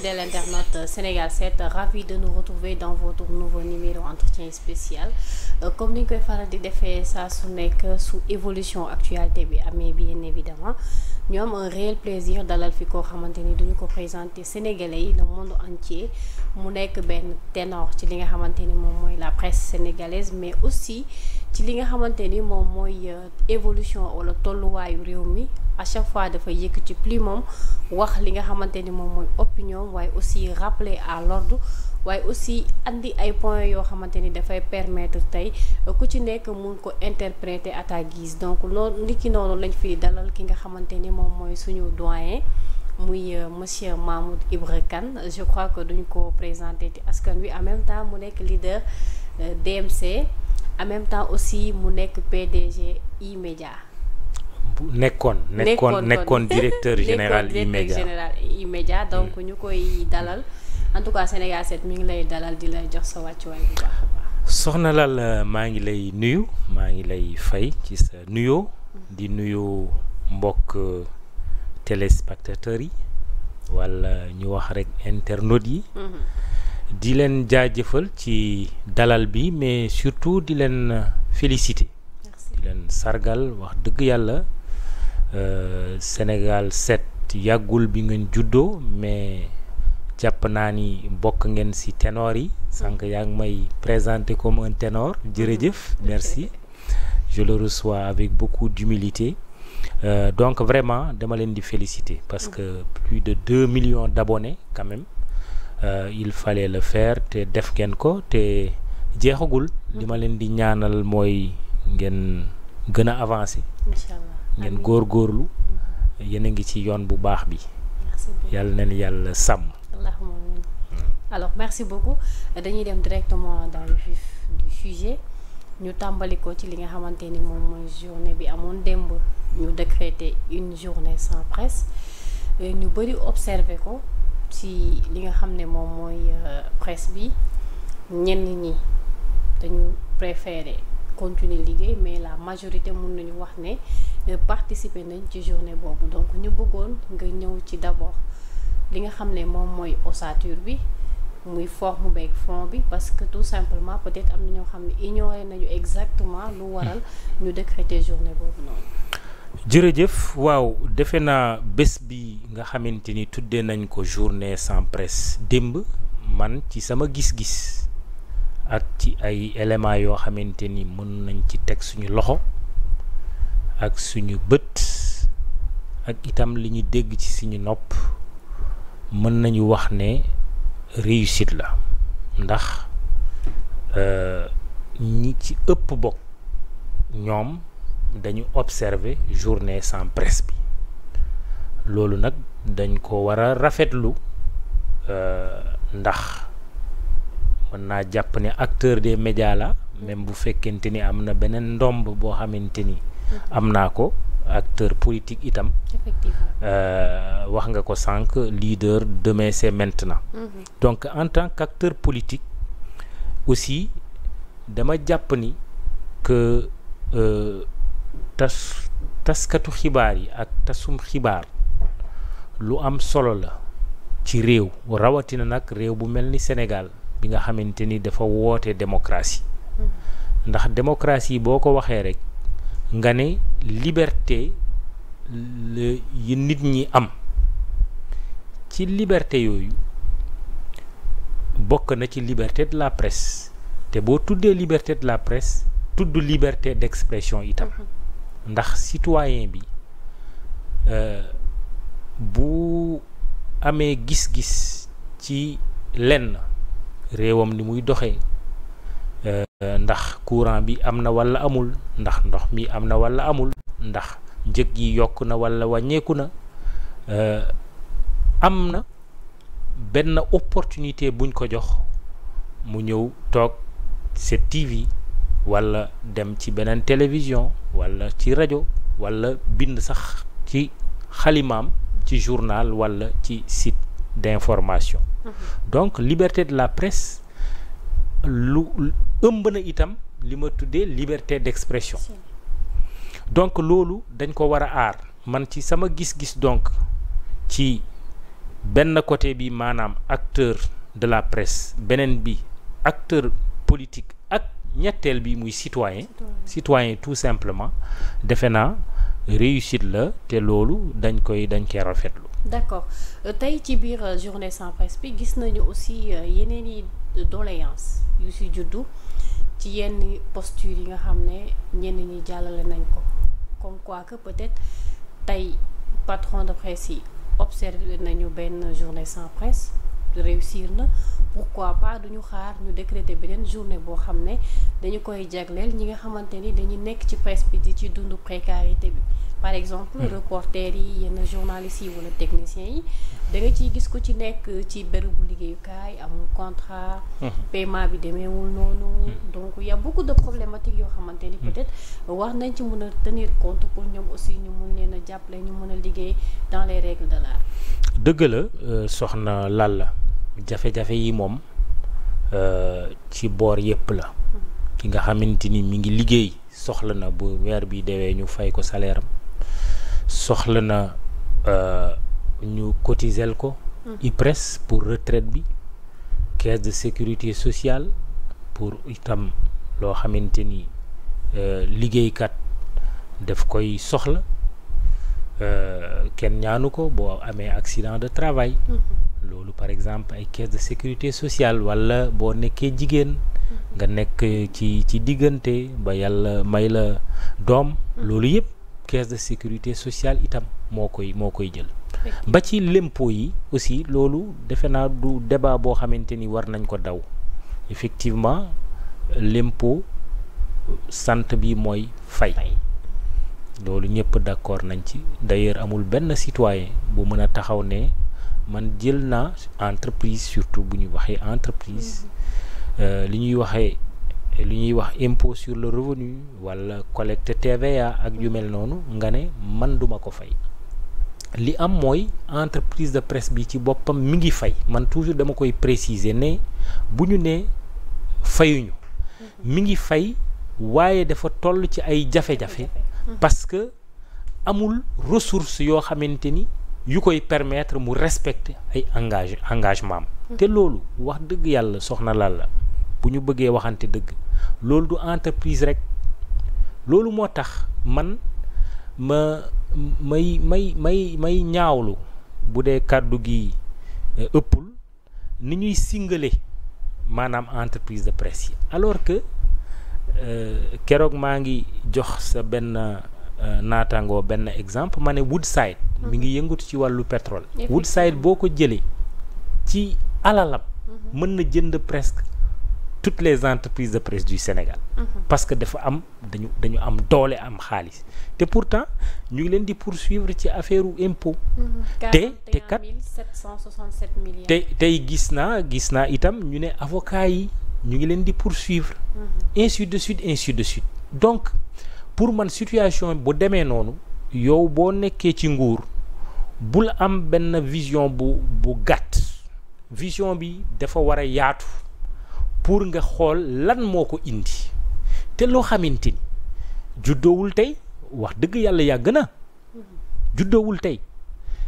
fidèles internautes euh, Sénégal 7 ravi de nous retrouver dans votre nouveau numéro entretien spécial Euh, comme ni ñu koy faral di defee saa su nekk su évolution actualité bi amee bi évidemment ñu am un réel plaisir dalal fi koo xamante ni duñu ko présenter sénégalais yi le monde entier mu nekk benn ténor ci li nga xamante ni moom mooy la presse sénégalaise mais aussi ci li nga xamante ni moom mooy euh, évolution wala tolluwaayu réew mi à chaque fois dafa yëkkati ci plus moom wax li nga xamante ni moom mooy opinion waaye aussi rappeler à l'ordre waaye aussi andi ay points yoo xamante ni dafay permettre tey ku ci nekk mun ko interpréter à gis donc loolu nit ki noonu lañ fiy dalal ki nga xamante ni moom mooy suñu doyen. muy euh, monsieur Mahmoud Ibra kan je crois que duñu ko présenté ci askan wi en même temps mu nekk leader euh, DMC en même temps aussi mu nekk PDG E-Media. nekkoon nekkoon nekkoon directeur général i media donc mm. ñu koy dalal. en tout Sénégal 7 mi ngi lay dalal di lay jox sa wàcc bu baax a baax. soxna Lal maa ngi lay nuyu maa ngi lay fay ci sa nuyoo. di nuyu mbokk téléspectateurs yi wala ñu wax rek internautes yi. Mhm. di leen jaajëfal ci dalal bi mais surtout di leen féliciter. di leen sargal wax dëgg yàlla euh, Sénégal 7 yàggul bi ngeen juddoo mais. jàpp naa ni bokk ngeen si tenoor yi sànq yaa ngi may présenté comme un ténor mhm. jërëjëf merci je le reçois avec beaucoup d'humilité euh, donc vraiment dama leen di félicité parce mhm. que plus de deux millions d'abonnés quand même euh, il fallait le faire te def ngeen ko te jeexagul mhm. li ma leen di ñaanal mooy ngeen gën a avancer ngeen góorgóorlu yéen a ngi ci yoon bu baax bi yàlla na yàlla sàmm allahuma amin merci beaucoup dañuy dem directement dans le ñu tàmbali ko ci li nga xamante ni moom mooy journée bi amoon démb ñu décréter une journée sans presse euh, ñu bëri observé ko ci li nga xam ne moom mooy euh, presse bi ñenn ñi dañu préféré continuer liggéey mais la majorité mun nañu wax ne euh, participer nañ ci journée boobu donc ñu bëggoon nga ñëw ci d'abord li nga xam ne moom mooy ossature bi muy forme beeg fond bi parce que tout simplement peut-être am na ñoo xam ne ignoré nañu exactement lu waral ñu décréter journée boobu noonu. jërëjëf waaw defe naa bés bi nga xamante ni tuddee nañ ko journée sans presse démb man ci sama gis-gis ak ci ay éléments yoo xamante ni mën nañ ci teg suñu loxo ak suñu bët ak itam li ñu dégg ci suñu nopp. mën nañu wax ne réussite la ndax euh, ñi ci ëpp bokk ñoom dañu observer journée sans presse bi loolu nag dañ ko war a rafetlu euh, ndax mën naa jàpp ne acteur des médias la même bu fekkente ni am na beneen ndomb boo xamante ni am naa ko acteur politique itam. Euh, wax nga ko sànq leader demain c'est maintenant. Mhm. donc en tant que qu'acteur politique aussi dama jàpp ni que euh, tas taskatu xibaar yi ak tasum xibaar lu am solo la ci réew rawatina nag réew bu mel ni Sénégal bi nga xamante ni dafa woote démocratie. Mhm. ndax démocratie boo ko waxee rek. nga ne liberté yi nit ñi am ci liberté yooyu bokk na ci liberté de la presse te boo tuddee liberté de la presse tudd liberté d'expression itam mhm. ndax citoyen bi euh, bu amee gis-gis ci lenn réewam ni muy doxee Euh, ndax courant bi am na wala amul ndax ndox mi am na wala amul ndax njëg yi yokk na wala wàññeeku na euh, am na benn opportunité buñ ko jox mu ñëw toog set tivi wala dem ci beneen télévision wala ci rajo wala bind sax ci xalimaam ci journal walla ci site d'information mhm. donc liberté de la presse lu ëmb na itam li ma tuddee liberté d'expression donc loolu dañ ko war a aar man ci sama gis-gis donc ci benn côté bi maanaam acteur de la presse beneen bi acteur politique ak ñetteel bi muy citoyen citoyen tout simplement defe naa réussite la te loolu dañ koy dañ koy rafetlu euh, tey ci biir euh, journée sans presse bi gis nañu aussi euh, yeneen yi doléance yu si juddu ci yenn posture yi nga xam ne ñenn ñi jàllale nañ ko comme quoi que peut-être tey patron de presse yi observé nañu benn journée sans presse réussir na quoi pas duñu xaar ñu décréter beneen journée boo xam ne dañu koy jagleel ñi nga xamante ni dañu nekk ci presse bi di ci dundu précarité bi par exemple hmm. reporter yi yenn journalistes yi wala techniciens yi da nga ciy gis ku ci nekk ci bërëbu liggéeyukaay amul contrat hmm. paiement bi demeewul noonu hmm. donc y a beaucoup de problématiques yoo xamante ni peut nañ ci mën a tenir ñoom aussi ñu mun leen a jàppale ñu mën a liggéey dans les règles de l'art euh, soxna Lalla jafe-jafe yi moom euh, ci boor yépp la ki nga xamante ni mi ngi liggéey soxla na bu weer bi dewee ñu fay ko salaire am soxla na euh, ñu cotisel ko. Hmm. IPRES pour retraite bi caisse de sécurité sociale pour itam loo xamante ni euh, liggéeykat daf koy soxla euh, kenn ñaanu ko boo amee accident de travail. Hmm. loolu par exemple ay caisse de sécurité sociale walla boo nekkee jigéen. Hmm. nga nekk ci ci diggante ba yàlla may la doom. loolu yëpp. caisse de sécurité sociale itam moo koy moo koy jël ba ci l'impôt yi aussi loolu defe naa du débat boo xamante ni war nañ ko daw effectivement l'impôt sant bi mooy fay loolu ñëpp d'accord nañ ci d'ailleurs amul benn citoyen bu mën a taxaw ne man jël naa entreprise surtout bu ñu waxee entreprise mm-hmm. euh, li ñuy waxee li ñuy wax impôt sur le revenu wala collecte TVA ak yu mel noonu nga ne man duma ko fay li am mooy entreprise de presse bi ci boppam mi ngi fay man toujours dama koy préciser ne bu ñu ne fayuñu mhm. mi ngi fay waaye dafa toll ci ay jafe-jafe mhm. parce que amul ressource yoo xamante ni yu koy permettre mu respecter ay engage engagement am mhm. te loolu wax dëgg yàlla soxna Lalla bu ñu bëggee waxante dëgg loolu du entreprise rek loolu moo tax man ma may may may may ñaawlu bu dee kàddu gi eh, ëppul ni ñuy singale maanaam entreprise de presse yi alors que eh, keroog maa ngi jox sa benn eh, naataangoo benn exemple ma ne Woodside mm-hmm. mi ngi yëngatu ci wàllu pétrole Woodside boo ko jëlee ci alalam mm-hmm. mën na jënd presque toutes les entreprises de presse du Sénégal. Mhm. parce que dafa am dañu dañu am doole am xaalis te pourtant ñu ngi leen di poursuivre ci affaire u impôt. Mhm. te te kat 767 milliards. te tey gis naa gis naa itam ñu ne avocat yi ñu ngi leen di poursuivre. Mhm. ainsi de suite ainsi de suite donc pour man situation bu demee noonu yow boo nekkee ci nguur bul am benn vision bu bu gàtt vision bi dafa war a yaatu. pour nga xool lan moo ko indi te loo xamante ni juddoowul tey wax dëgg yàlla yàgg na juddoowul tey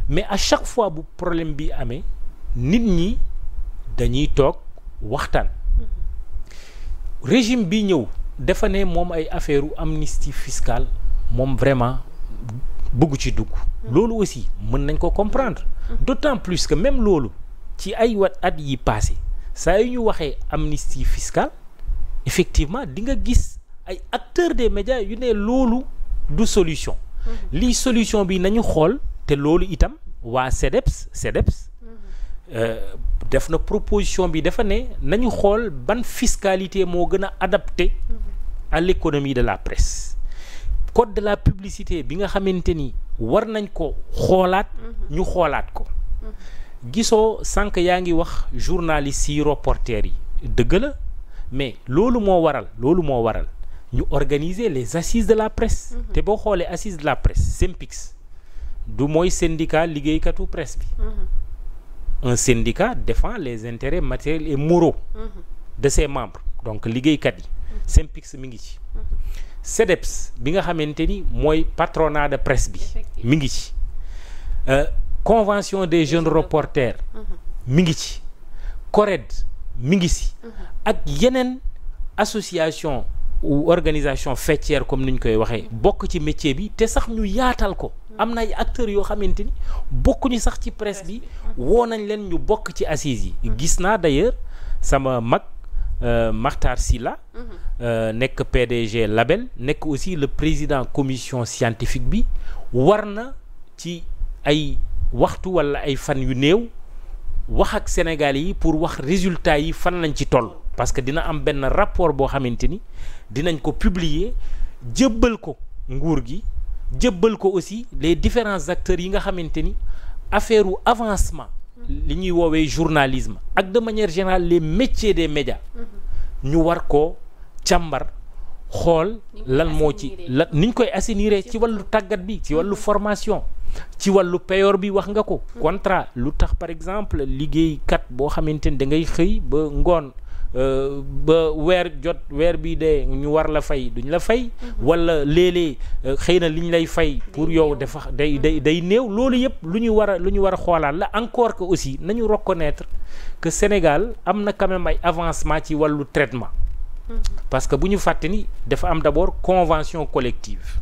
mais à chaque fois bu problème bi amee nit ñi dañuy toog waxtaan régime bi ñëw dafa ne moom ay affaire amnistie fiscale moom vraiment bëgg ci dugg loolu aussi mën nañ ko comprendre d'autant plus que même loolu ci ay wat at yi passé saa yu ñu waxee amnistie fiscale effectivement di nga gis ay acteurs des médias yu ne loolu du solution. Mhm. lii solution bi nañu xool te loolu itam waa CDEPS CDEPS. Mhm. Euh, def na proposition bi dafa ne nañu xool ban fiscalité moo gën a adapté mhm. à l'économie de la presse code de la publicité bi nga xamante ni war nañ ko xoolaat ñu xoolaat ko gisoo sànq yaa ngi wax journalistes yi reporters yi dëgg la mais loolu moo waral loolu moo waral ñu organiser les assises de la presse mhm. te boo xoolee assises de la presse SYNPICS du mooy syndicat liggéeykatu presse bi mhm. un syndicat défend les intérêts matériels et moraux mhm. de ses membres donc liggéeykat yi SYNPICS mi ngi ci CDEPS bi nga xamante ni mooy patronat de presse bi mi ngi ci euh, convention des jeunes reporters uh-huh. mi ngi ci CORED mi ngi si uh-huh. ak yeneen association ou organisation faîtière comme ni ñu koy waxee uh-huh. bokk ci métier bi te sax ñu yaatal ko am na ay acteurs yoo xamante ni bokkuñu sax ci presse bi woo nañ leen ñu bokk ci assises yi gis naa d'ailleurs sama mag euh, Makhtar Silla euh, nekk PDG Label nekk aussi le président commission scientifique bi war na ci ay waxtu walla ay fan yu néew wax ak Sénégal yi pour wax résultat yi fan lañ ci toll parce que dina am benn rapport boo xamante ni dinañ ko publier jébbal ko nguur gi jébbal ko aussi les différents acteurs yi nga xamante ni affaire u avancement li ñuy woowee journalisme ak de manière générale les métiers des médias ñu war ko càmbar xool lan moo ci lan niñ koy assainir ci wàllu tàggat bi ci wàllu mm-hmm. formation ci wàllu payoor bi wax nga ko contrat lu tax par exemple liggéey kat boo xamante ni da ngay xëy ba ngoon euh, ba weer jot weer bi de ñu war la fay duñ la fay mhm. wala léeg-léeg euh, xëy na li ñu lay fay pour yow dafa day day day néew loolu yëpp lu ñu war a lu ñu war a xoolaat la encore que aussi nañu reconnaître que Sénégal am na quand même avancement ci wàllu traitement mhm. parce que bu ñu fàtte ni dafa am d'abord convention collective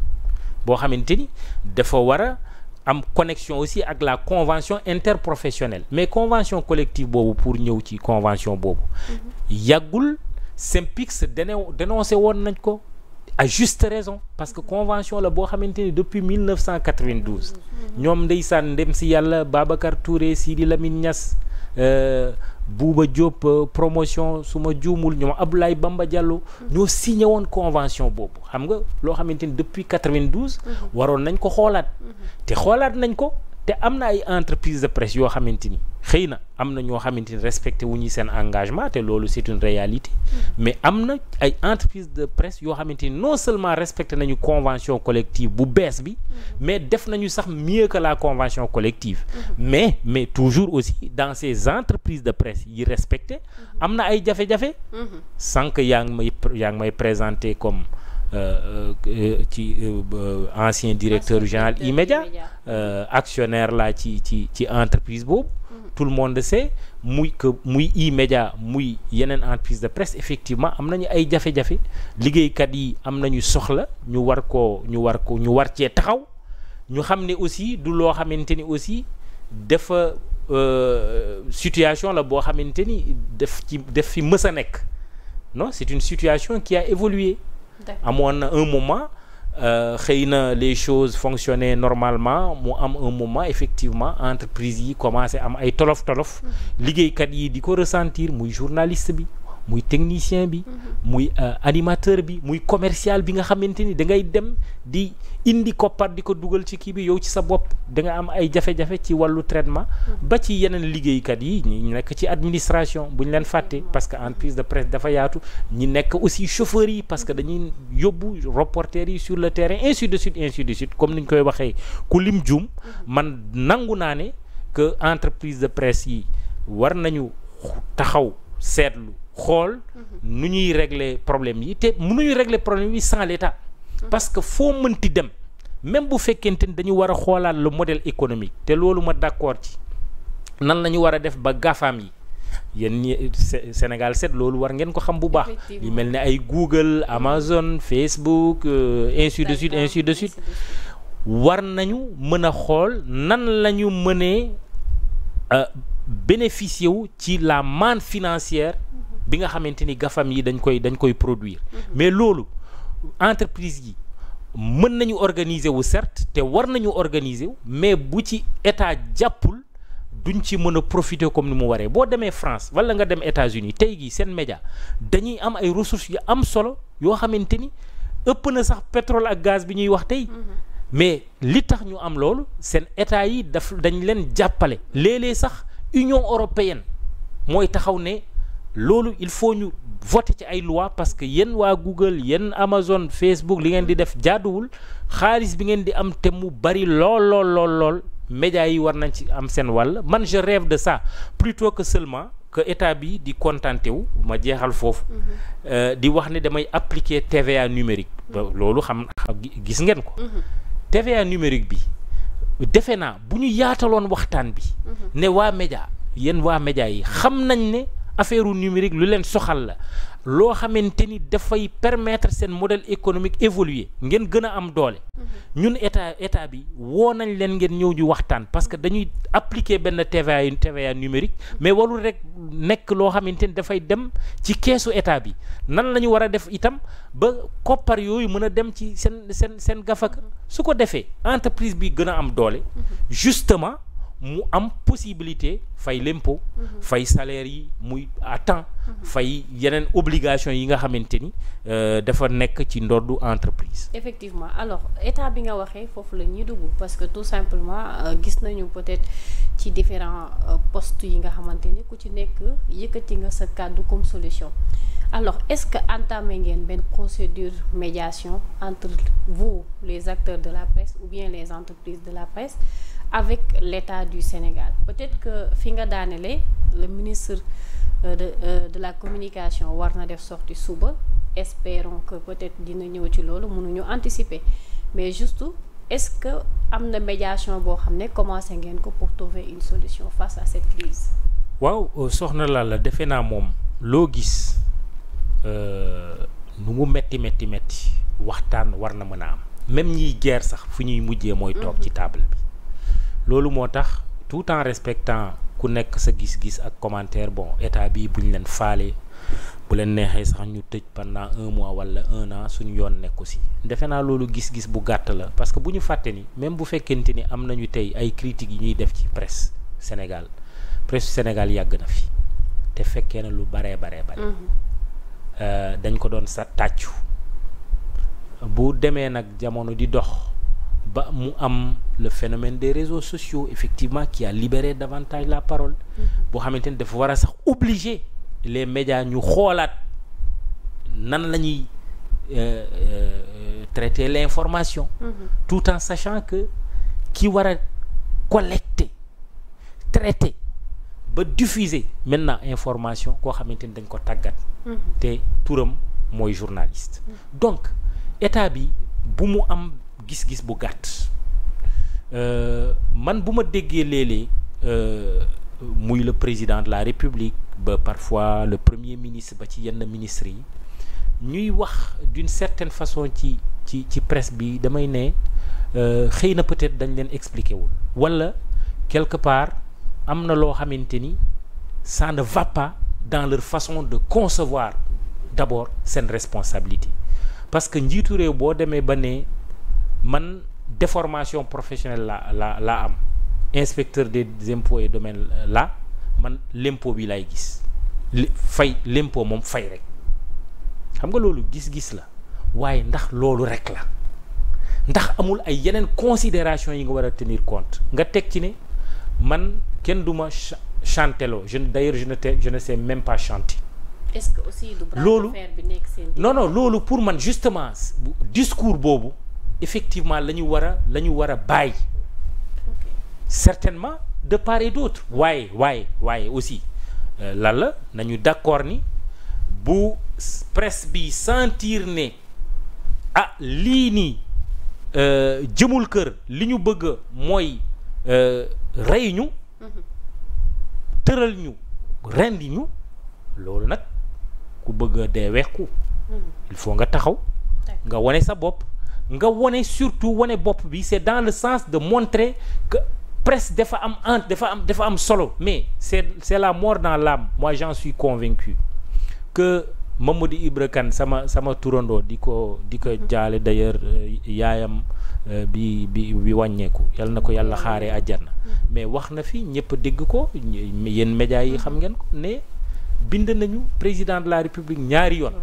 boo xamante ni dafa war am connexion aussi ak la convention interprofessionnelle mais convention collective boobu pour ñëw ci convention boobu mhm. yàggul SYNPICS dene dénoncé woon nañ ko a juste raison parce que convention la boo xamante ni depuis 1992 mhm. ñoom ndeysaan ndem si yàlla Babacar Touré Sidi Lamine Niass Euh, Bouba Diop euh, promotion su ma juumul ñoom Abdoulaye Bamba Diallo ñoo signé woon convention boobu xam nga loo xamante ni depuis 92. Mhm. waroon nañ ko xoolaat mhm. te xoolaat nañ ko te am na ay entreprise de press yoo xamante ni xëy na am na ñoo xamante ni respecté wu ñuy seen engagement te loolu c'est une réalité mm-hmm. mais am na ay entreprise de presse yoo xamante ni non seulement respecte nañu convention collective bu bees bi mm-hmm. mais def nañu sax mieux que la convention collective mm-hmm. mais mais toujours aussi dans ces entreprises de presse yi respecté am na ay jafe-jafe sànq yaa ngi may yaa ngi may présenté comme Euh, euh, ci euh, ancien directeur général E-Media actionnaire la ci ci ci entreprise boobu mm-hmm. tout le monde sait muy que muy E-Media muy yeneen entreprise de presse effectivement am nañu ay jafe-jafe liggéeykat yi am nañu soxla ñu war koo ñu war ko ñu war cee taxaw ñu xam ne aussi du loo xamante ni aussi dafa situation la boo xamante ni def ci def fi mës a nekk non c'est une situation ki a évolué amoon na un moment euh, xëy na les chose fonctionnaient normalement mu am un moment effectivement entreprise yi commencé am ay tolof tolof mhm. liggéeykat yi di ko ressentir muy journaliste bi muy technicien bi mhm. muy euh, animateur bi muy commerciale bi nga xamante ni da ngay dem di indi koppar di ko dugal ci kii bi yow ci sa bopp da nga am ay jafe-jafe ci wàllu traitement ba ci yeneen liggéeykat yi ñi nekk ci administration bu ñu leen fàtte parce que entreprise de presse dafa yaatu ñi nekk aussi chauffeurs yi parce que dañuy yóbbu reporters yi sur le terrain ainsi de suite ainsi de suite comme ni ñu koy waxee ku lim juum man nangu naa ne que entreprise de presse yi war nañu taxaw seetlu xool nu ñuy régler problème yi te mënuñu régler problème yi sans l'État parce que foo mënti dem même bu fekkente ni dañu war a xoolaat le modèle économique te loolu ma d'accord ci nan la ñu war a def ba GAFAM yi yéen ñi Sénégal set loolu war ngeen ko xam bu baax yu mel ni ay Google Amazon Facebook euh, ainsi de suite ainsi de suite war nañu mën a xool nan la ñu mënee euh, bénéficier wu ci la manne financière bi nga xamante ni GAFAM yi dañ koy dañ koy produire mm-hmm. mais loolu entreprise yi mën nañu organiser wu certes te war nañu organiser wu mais bu ci état jàppul duñ ci mën a profiter comme ni mu waree boo demee France wala nga dem États-Unis tey jii seen média dañuy am ay ressources yu am solo yoo xamante ni ëpp na sax pétrole ak gaz bi ñuy wax tey mm-hmm. mais li tax ñu am loolu seen état yi daf dañ leen jàppale léeg sax Union européenne mooy taxaw ne loolu il faut ñu vote ci ay loi parce que yéen waa Google yéen Amazon Facebook li ngeen di def jaaduwul xaalis bi ngeen di am te mu bari lool lool lool lool yi war nañ ci am seen wàll man je rêve de ça plutôt que seulement que état bi di contenté wu ma jeexal foofu mhm. euh, di wax ne damay appliquer TVA numérique loolu xam gis ngeen ko mhm. TVA numérique bi defe naa bu ñu yaataloon waxtaan bi mhm. ne waa média yéen waa média yi xam nañ ne affaire numérique lu leen soxal la loo xamante ni dafay permettre seen modèle économique évoluer ngeen gën a am doole. Mhm. ñun état état bi woo nañ leen ngeen ñëw ñu waxtaan parce que dañuy appliquer benn TVA TVA numérique mais warul rek nekk loo xamante ni dafay dem ci keesu état bi nan la ñu war a def itam ba koppar yooyu mën a dem ci seen seen seen gafaka mhm. su ko defee entreprise bi gën a am doole mhm. justement. mu am possibilité fay l'impôt mhm. fay salaire yi muy à temps mhm. fay yeneen obligation yi nga xamante ni euh, dafa nekk ci ndoddu entreprise effectivement alors état bi nga waxee foofu la ñuy dugg parce que tout simplement euh, gis nañu peut-être ci différent euh, postes yi nga xamante ni ku ci nekk yëkkati nga sa kàddu comme solution alors est-ce que entamé ngeen benn procédure médiation entre vous les acteurs de la presse ou bien les entreprises de la presse avec l'État du Sénégal peut-être que fi nga daanele le ministre euh, de euh, de la communication war na def sorti suba espérons que peut-être dina ñëw ci loolu mënuñu anticiper mais juste est-ce que am na médiation boo xam ne commencé ngeen ko pour trouver une solution face à cette crise waaw euh, soxna la la defe naa moom loo gis nu mu metti metti metti waxtaan war na mën a am même ñiy guerre sax fu ñuy mujjee mooy toog ci mhm. table bi loolu moo tax tout en respectant ku nekk sa gis-gis ak commentaire bon état bu buñ leen faale bu leen neexee sax ñu tëj pendant un mois wala un an suñu yoon nekku si defe naa loolu gis-gis bu gàtt la parce que bu ñu fàtte ni même bu fekkente ni am nañu tey ay critique yi ñuy def ci presse Sénégal presse Sénégal yàgg na fi te fekkee na lu baree baree bare mhm. euh, dañ ko doon sa tàccu bu demee nag jamono di dox ba mu am le phénomène des réseaux sociaux effectivement qui a libéré davantage la parole mm-hmm. boo xamante ni dafa war a sax obligé les médias ñu xoolaat nan la ñuy euh, euh, traiter l'information mmh. tout en sachant que ki war a collecter traiter ba diffuser maintenant information koo xamante ni dañ ko tàggat mm-hmm. te turam mooy journaliste mm-hmm. donc état bi bu mu am gis-gis bu gàtt euh, man bu ma déggee léeg-léeg euh, muy le président de la république ba parfois le premier ministre ba ci yenn ministres yi ñuy wax d'une certaine façon ci ci ci presse bi damay ne euh, xëy na peut-être dañ leen expliquer wul walla quelque part am na loo xamante ni ça ne va pas dans leur façon de concevoir d'abord seen responsabilité parce que njiitu réew boo demee ba ne man déformation professionnelle la la la am inspecteur des impôts et domaines la man l'impôt bi laay gis fay l'impôt moom fay rek xam nga loolu gis-gis la waaye ndax loolu rek la ndax amul ay yeneen considération yi nga war a tenir compte nga teg ci ne man kenn du ma chanteloo jeune d'ailleurs je ne te je ne sais même pas chanter est-ce que aussi du bras de fer bi nekk seen non non loolu pour man justement discours boobu effectivement lañu ñu war a la ñu war a bàyyi certainement de part et d'autre waaye waaye waaye aussi euh, lan nañu d'accord ni bu presse bi sentir ne ah lii nii euh, jëmul kër li ñu bëgg mooy euh, rey ñu mhm. tëral ñu rendi ñu loolu nag ku bëgg a dee weexku mhm. il faut nga taxaw nga wone sa bopp nga wone surtout wone bopp bi c'est dans le sens de montrer que presse dafa am honte dafa am dafa am solo mais c'est c'est la mort dans l'âme moi j'en suis convaincu que Mamadou Ibra Kane sama sama turandoo di ko di ko mhm. jaale d'ailleurs euh, yaayam euh, bi bi bi wàññeeku yal na ko yàlla xaaree àjjana mhm. Mhm. mais wax na fi ñëpp dégg ko yéen médias yi xam ngeen ko ne bind nañu président de la république ñaari yoon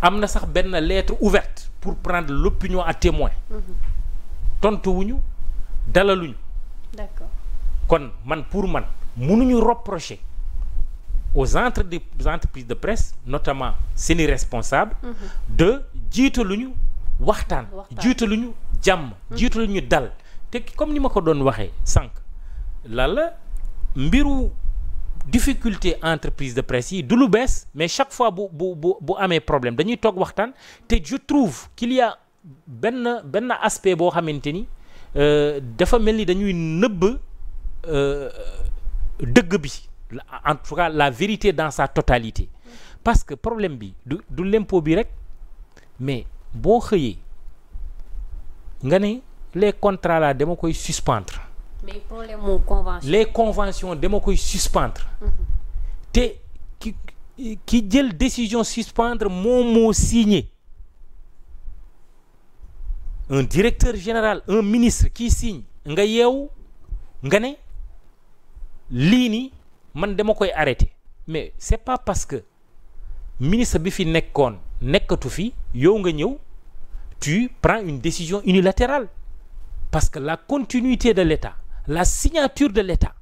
am na sax benn lettre ouverte pour prendre l'opinion à témoin tontu wuñu dalaluñu d'accord kon man pour man munuñu reprocher aux entre des entreprises de presse notamment seeni responsable mhm. de jiitaluñu waxtaan jiitaluñu jàmm mhm. jiitaluñu dal te comme ni ma ko doon waxee sànq la mbiru difficulté entreprise de presse yi du lu bees mais chaque fois bu bu bu bu amee problème dañuy toog waxtaan te je trouve qu'il y benn benn aspect boo xamante ni euh, dafa mel ni dañuy nëbb euh, dëgg bi en tout cas la vérité dans sa totalité parce que problème bi du du l'impôt bi rek mais boo xëyee nga ne les contrats là dama koy suspendre mais problème mu convention. les conventions dama koy suspendre. Mm-hmm. te ki ki jël décision suspendre moom moo signé un directeur général un ministre qui signe nga yeewu nga ne lii nii man dama koy arrêté mais c'est pas parce que ministre bi fi nekkoon nekkatu fi yow nga ñëw tu prends une décision unilatérale parce que la continuité de l'État la signature de l'État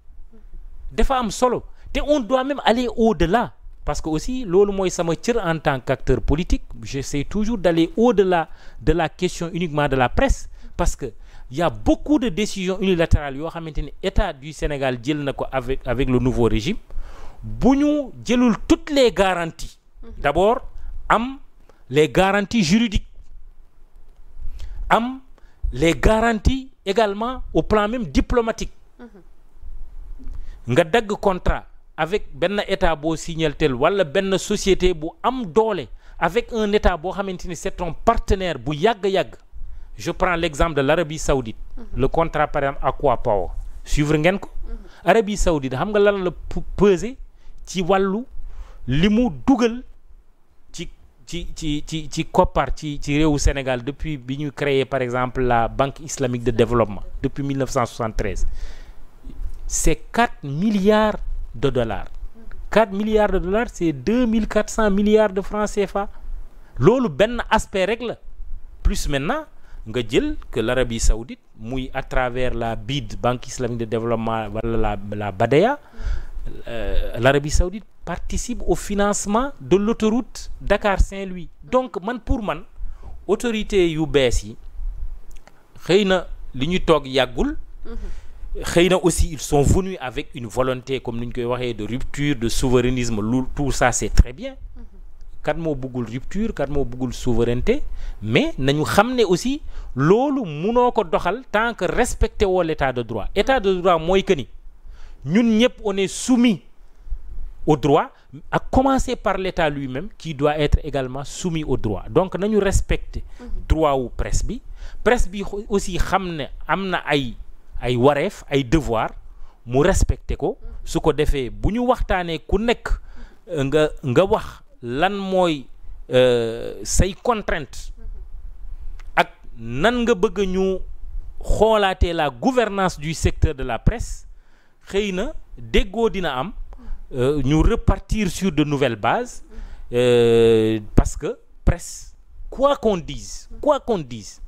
dafa am solo te on doit même aller au-delà de parce que aussi loolu mooy sama cër en tant qu'acteur politique j'essaie toujours d'aller au-delà de la question uniquement de la presse parce que y a beaucoup de décisions unilatérales yoo xamante ni État du Sénégal jël na ko avec avec le nouveau régime bu ñu jëlul toutes les garanties mhm. d'abord am les garanties juridiques am les garanties également au plan même diplomatique nga dagg contrat avec benn état boo signal wala benn société bu am doole avec un état boo xamante ni c'est ton partenaire bu yàgg-yàgg je prends l'exemple de l'Arabie saoudite le contrat par exemple Aqua Power suivre ngeen ko Arabie saoudite xam nga lan la peser ci wàllu li mu dugal ci ci ci ci koppar ci ci réewu Sénégal depuis bi ñu créer par exemple la banque islamique de développement depuis 1973 c'est 4 milliards de dollars 4 milliards de dollars c'est 2400 milliards de francs fa loolu benn aspect rek la plus maintenant nga jël que l'Arabie saoudite muy à travers la BID banque islamique de développement wala la la BADEA e euh, l'Arabie saoudite participe au financement de l'autoroute Dakar Saint-Louis donc man pour man autorité yu bees yi xëy na li ñu toog yàggul xëy na aussi ils sont venus avec une volonté comme ni ñu koy waxee de rupture de souverainisme lu tout ça c'est très bien kat moo buggul rupture kat moo buggul souveraineté mais nañu xam ne aussi loolu munoo ko doxal tant que respecté woo l'état de droit état de droit mooy que ni ñun ñëpp on est soumis au droit ak commencer par l'État lui-même qui doit être également soumis au droit donc nañu respecter mhm. droit wu presse bi presse bi aussi xam ne am na ay ay wareef ay devoir mu respecter ko su ko defee bu ñu waxtaanee ku nekk euh, nga nga wax lan mooy euh, say contrainte ak nan nga bëgg ñu xoolaatee la gouvernance du secteur de la presse xëy na déggoo dina am ñu euh, repartir sur de nouvelles bases euh, parce que presse quoi qu'on dise quoi qu'on dise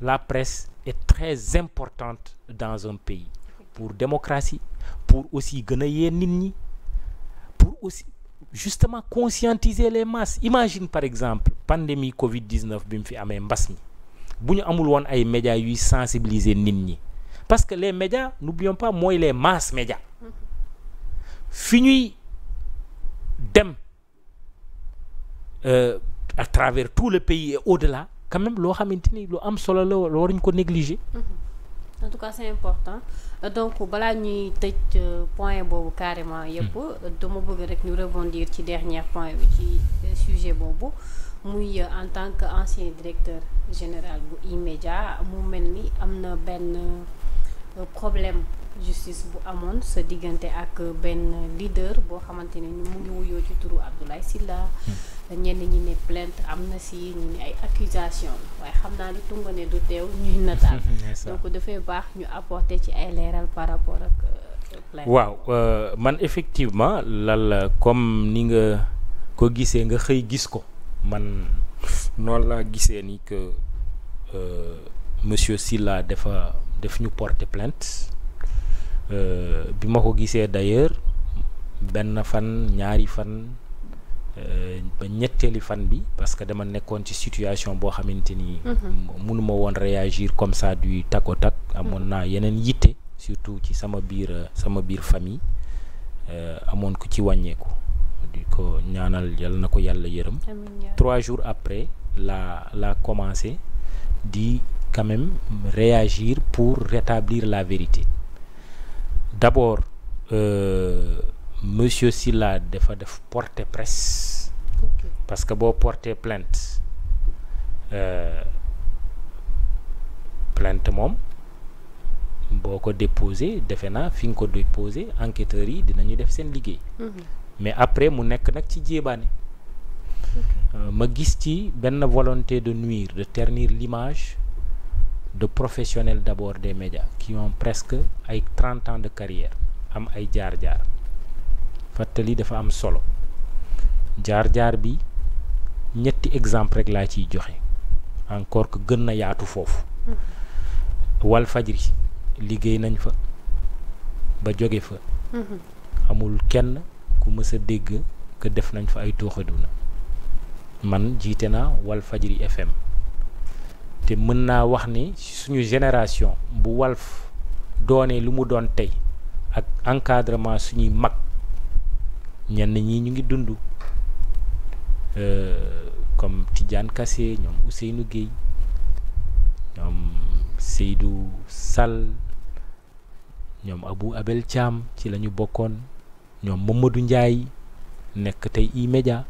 la presse est très importante dans un pays pour démocratie pour aussi gën a yee nit ñi pour aussi justement conscientiser les masses imagine par exemple pandémie covid 19 bi mu fi amee mbass mi bu ñu amul woon ay médias yuy sensibiliser nit ñi parce que les médias n'oublions pas mooy les masses médias fi ñuy dem euh, à travers tout le pays et au-delà quand même loo xamante ni lu am solo la waruñu ko négliger. Mm-hmm. en tout cas c'est important donc balaa ñuy tëj euh, point boobu carrément yëpp mm-hmm. dama bëgg rek ñu rebondir ci dernier point bi ci euh, sujet boobu muy en tant que ancien directeur général bu e mu mel ni am na benn problème justice bu amoon sa diggante ak benn leader boo xamante ne mu ngi wuyoo ci turu Abdoulaye Sylla ñenn ñi ne plainte am na si ñu ne ay accusation waaye xam naa ni tunga ne du teew ñuy nataal ko dafay baax ñu apporter ci ay leeral par rapport ak euh, plainte waaw euh, man effectivement lal comme ni nga ko gisee nga xëy gis ko man noonu laa gisee ni que euh, monsieur Sylla dafa def ñu porter plainte Euh, bi ma ko gisee d'ailleurs benn fan ñaari fan euh, ba ñetteeli fan bi parce que dama nekkoon ci situation boo xamante ni. Mhm. mënuma woon réagir comme ça du tac au tac. Mhm. amoon naa yeneen yitte surtout ci sama biir sama biir famille euh, amoon ko ci wàññeeku. di ko ñaanal yal na ko yàlla yërëm. trois jours après la la commencé di quand réagir pour rétablir la vérité. d'abord euh, monsieur Sylla dafa def porte presse parce que boo porter plainte euh, plainte moom boo ko déposé defe naa fi nga ko déposé enquêteurs yi dinañu def seen liggéey mhm. mais après mu nekk nag ci jéebaane euh, ma gis ci benn volonté de nuire de ternir l'image de professionnels d'abord des médias qui ont presque ay trente ans de carrière am ay jaar-jaar fàttali dafa am solo jaar-jaar bi ñetti exemple rek laa ciy joxe encore que gën na yaatu foofu mhm. Walfadjri liggéey nañ fa ba jóge fa mhm. amul kenn ku mësa dégg que def nañ fa ay tooxaduna man jiite naa Walfadjri FM te mën naa wax ni suñu génération bu Walf doonee lu mu doon tey ak encadrement suñuy mag ñenn ñi ñu ngi dund euh, comme Tidiane Kassé ñoom Ousseynou Guèye ñoom Seydou sal ñoom Abou Abel Thiam ci la ñu bokkoon ñoom Mamadou Ndiaye nekk tey E-Media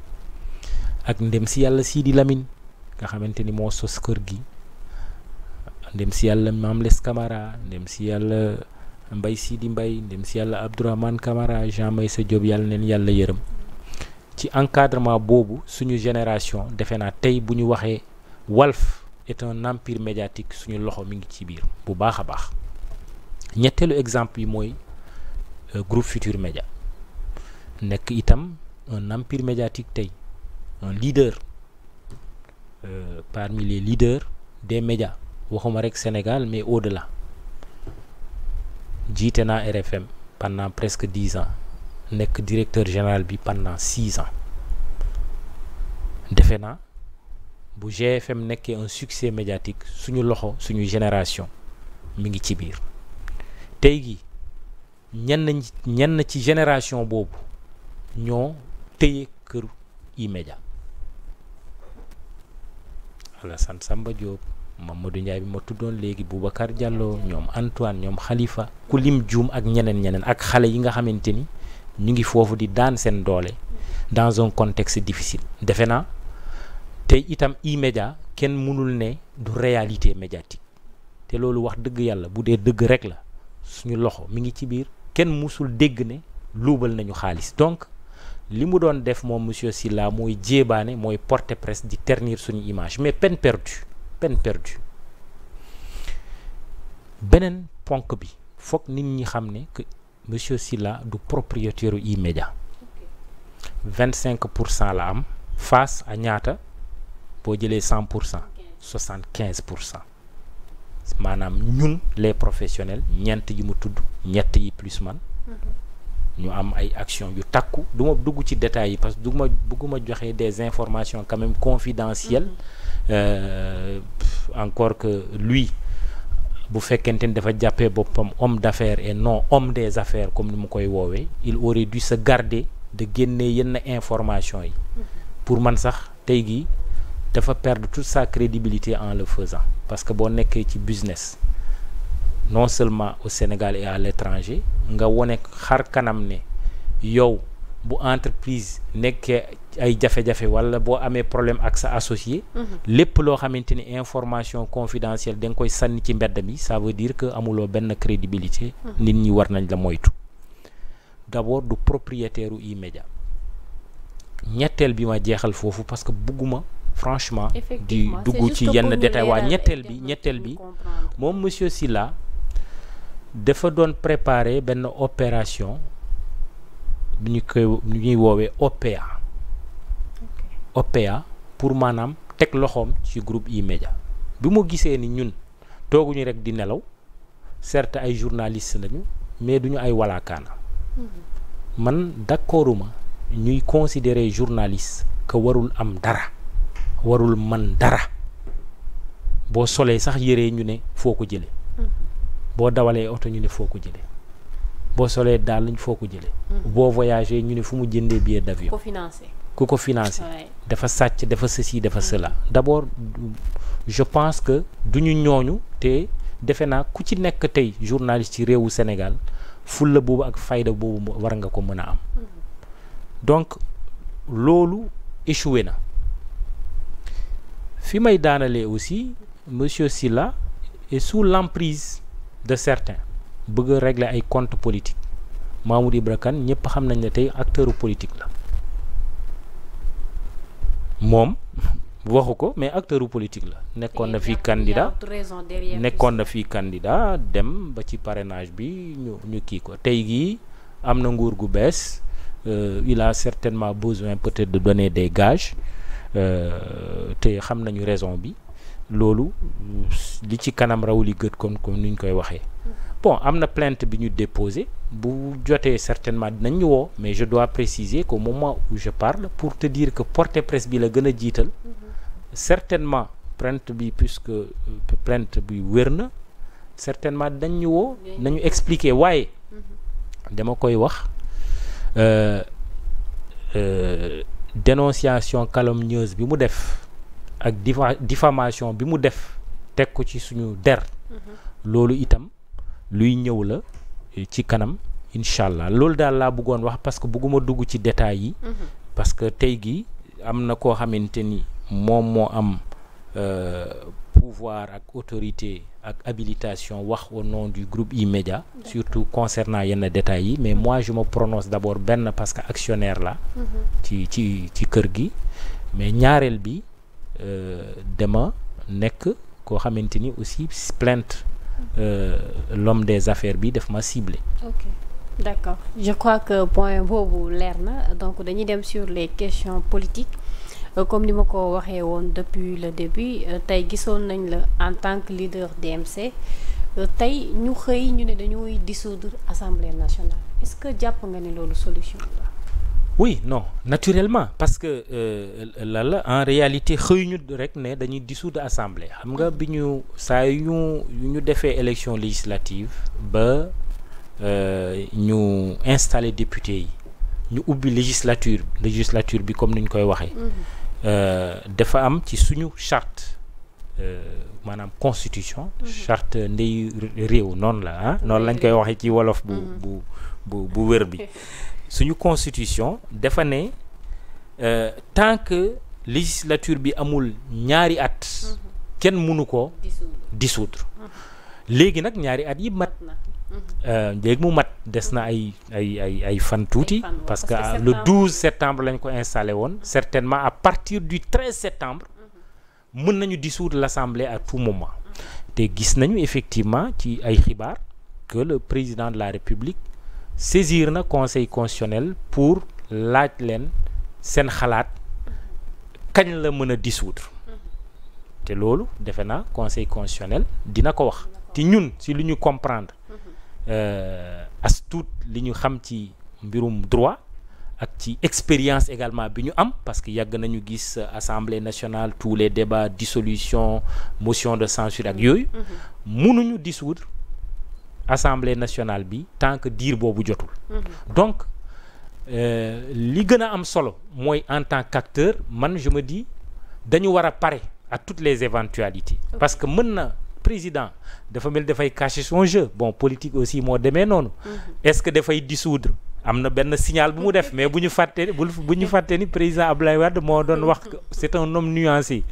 ak ndem si yàlla Sidi lamin nga xamante ni moo sos kër gi ndem si yàlla Mame Less Camara ndem si yàlla Mbaye Sidi Mbaye ndem si yàlla Abdourahmane Camara Jean Meissa Diop yàlla neen yàlla yërëm ci encadrement boobu suñu génération defe naa tey bu ñu waxee Walf est un empire médiatique suñu loxo mi ngi ci biir bu baax a baax ñetteelu exemple yi mooy euh, groupe future Média nekk itam un empire médiatique tey un leader euh, parmi les leaders des médias waxuma rekk Sénégal mais au la jiite naa RFM pendant presque dix ans nekk directeur général bi pendant six ans defe naa bu GFM nekkee un succès médiatique suñu loxo suñuy génération mi ngi ci biir tey gi ñen ñenn ci génération boobu ñoo téye kër yi media Alassane Samba Diop Mamadou Ndiaye bi ma tuddoon léegi Boubacar Diallo ñoom Antoine ñoom xalifa ku lim juum ak ñeneen ñeneen ak xale yi nga xamante ni ñu ngi foofu di daan seen doole dans un contexte difficile defe naa te itam e kenn mënul ne du réalité médiatique te loolu wax dëgg yàlla bu dee dëgg rek la suñu loxo mi ngi ci biir kenn musul dégg ne luubal nañu xaalis donc li mu doon def moom monsieur Sylla mooy jéebaane mooy porte presse di ternir suñu image mais peine perdue peine perdue beneen ponk bi foog nit ñi xam ne que monsieur Sylla du propriétaire immédiat vingt cinq pour cent la am face à ñaata boo jëlee cent pour cent soixante quinze pour cent maanaam ñun les professionnels ñeent yi mu tudd ñett yi plus man ñu am ay action yu takku du ma dugg ci détails yi parce que du ma bëgguma joxe des informations quand même Euh, encore que lui bu fekkente ni dafa jàppee boppam homme d'affaires et non homme des affaires comme ni ma koy woowee il aurait dû se garder de génne yenn information yi pour man sax tey gi dafa perdre toute sa crédibilité en le faisant parce que boo nekkee ci business non seulement au Sénégal et à l'étranger nga wone xar kanam ne yow bu entreprise nekkee ay jafe-jafe wala boo amee problème ak sa associé. Mhm. lépp loo xamante ni information confidentielle danga koy sànni ci mbedd mi ça veut dire que amuloo benn crédibilité. Mhm. nit ñi war nañ la moytu. d'abord du propriétaire u E-Media ñetteel bi ma jeexal foofu parce que bugguma franchement. di dugg ci yenn détail ñetteel bi ñetteel bi moom monsieur Sylla dafa doon préparer benn opération bu ñu koy ñuy woowee OPA. OPEA pour maanaam teg loxoom ci groupe E-Media bi mu gisee ni ñun tooguñu rek di nelaw serte ay journaliste lañu mais du ñu ay walaakaana mm-hmm. man d'accorduma ñuy considérer journaliste que warul am dara warul man dara boo solee sax yëree ñu ne foo ko jële mm-hmm. boo dawalee oto ñu ne foo ko jële boo solee daal ñu foo ko jële mm-hmm. boo voyagé ñu ne fu mu jëndee billet d'avion ko ku ko financé dafa sàcc dafa ceci dafa cela d'abord je pense que du ñu ñooñu te defe naa ku ci nekk tey journaliste ci réewu Sénégal fulla boobu ak fayda boobu war nga ko mën a am mm-hmm. donc loolu échoué na fi may daanale aussi monsieur Sylla est sous l'emprise de certains bëgg a ay comptes politiques Mamoud Ibra Kane ñëpp xam nañ ne tey acteur politique la moom waxu ko mais acteur politique la nekkoon na fii candidat nekkoon na fii candidat dem ba ci parrainage bi ñu kii ko tey gii am na nguur gu bees euh, il a certainement besoin peut-être de donner des gages euh, te xam nañu raison bi loolu li ci kanam raw li gët comme comme ni ñu koy waxee mm-hmm. bon am na plainte bi ñu déposé bu jotee certainement dinañ ñu woo mais je dois préciser ko moment où je parle pour te dire que portée presse bi la gën a jiital certainement plainte bi puisque euh, plainte bi wér na certainement dañ ñu woo nañu expliquer waaye mhm. dama koy wax euh, euh, dénonciation calomnieuse bi mu def ak diffamation bi mu def teg ko ci suñu der mhm. loolu itam luy ñëw la eh, ci kanam incha allah loolu daal laa bëggoon wax parce que bëgguma dugg ci détails yi. Mhm. parce que tey gi am na koo xamante ni moom moo am euh, pouvoir ak autorité ak habilitation wax au nom du groupe yi media surtout concernant yenn détails yi mais mois je me prononce d'abord benn parce que actionnaire la mhm. ci ci ci kër gi mais ñaareel bi euh, dama nekk koo xamante ni aussi plainte Euh, l'homme des affaires bi daf ma cible ok d'accord je crois que point boobu leer na donc dañuy dem sur les question politiques. Euh, comme ni ma ko waxee woon depuis le début euh, tey gisoon nañ la en tant que leader DMC tey ñu xëy ñu ne dañuy dissoudre assemblée nationale est-ce que jàpp nga ne loolu solution la oui non naturellement parce que euh, la la en réalité ñu rek ne dañuy dissoudre assemblée xam nga bi ñu saa yu ñu defee élection législative ba euh, ñu installé député yi ñu ubbi législature législature bi comme ni ñu koy waxee. Mhm. Euh, dafa am ci suñu charte maanaam constitution. Mhm. charte ndey réew noonu la ah. noonu lañ koy waxee ci wolof bu mhm. bu bu bu bi. suñu constitution dafa ne euh, tant que législature bi amul ñaari at mhm. kenn mënu ko dissoudre mhm. léegi nag ñaari at yi mat mhm. euh, léegi mu mat des na ay ay ay ay fan tuuti parce que le 12 septembre lañ ko installé woon certainement à partir du 13 septembre mën nañu dissoudre l'assemblée à tout moment te gis nañu effectivement ci ay xibaar que le président de la république saisir na conseil constitutionnel pour laaj leen seen xalaat kañ la mën a dissoudre te loolu defe naa conseil constitutionnel dina ko wax te ñun si lu ñu comprendre euh, as tuut li ñu xam ci mbirum droit ak ci expérience également bi ñu am parce que yàgg nañu gis assemblée nationale tous les débats dissolution motion de censure ak yooyu mm-hmm. mënuñu dissoudre assemblée nationale bi tant que diir boobu jotul. Mhm. donc euh, li gën a am solo mooy en tant qu'acteur man je me dis dañu war a pare à toutes les éventualités. parce que mën na président dafa mel dafay cacher son jeu bon politique aussi moo demee noonu. Mhm. est-ce que dafay dissoudre. am na benn signal bu mu def mais bu ñu fàtte bu ñu fàtte ni président Abdoulaye Wade moo doon wax c'est un homme nuancé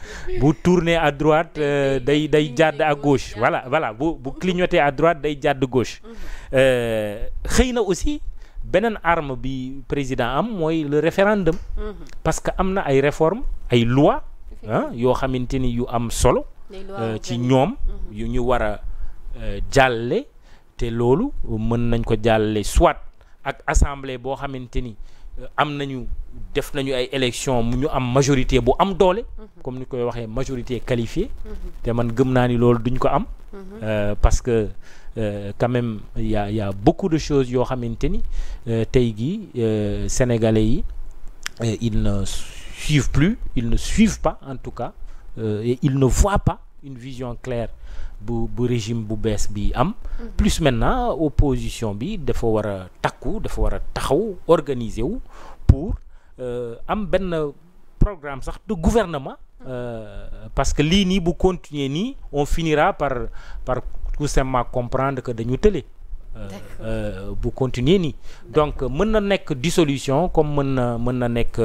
bu tourner à droite euh, day day jàdd à gauche voilà voilà bu bu clignoter à droite day jàdd gauche mm-hmm. euh, xëy na aussi beneen arme bi président am mooy le référendum mm-hmm. parce que am na ay réformes ay lois yoo xamante ni yu am solo euh, ci ñoom mm-hmm. yu ñu war a jàlle te loolu mën nañ ko jàlle soit ak assemblée boo xamante ni euh, am nañu def nañu ay élection mu ñu am majorité bu am doole mhm. comme ni koy waxee majorité qualifiée mhm. te man gëm naa ni loolu duñ ko am mhm. euh, parce que euh, quand même ya a beaucoup de choses yoo xamante ni euh, tey gi sénégalais yi ils ne suivent plus ils ne suivent pas en tout cas euh, et ils ne voient pas une vision claire bu bu régime bu bees bi am. Mhm. plus maintenant opposition bi dafa war a takku dafa war a taxaw organiser wu pour euh, am benn programme sax de gouvernement. Mhm. Euh, parce que lii nii bu continuer nii on finira par par tout simplement comprendre que dañu tële. Euh, bu continuer nii donc mën na nekk dissolution comme mën na mën na nekk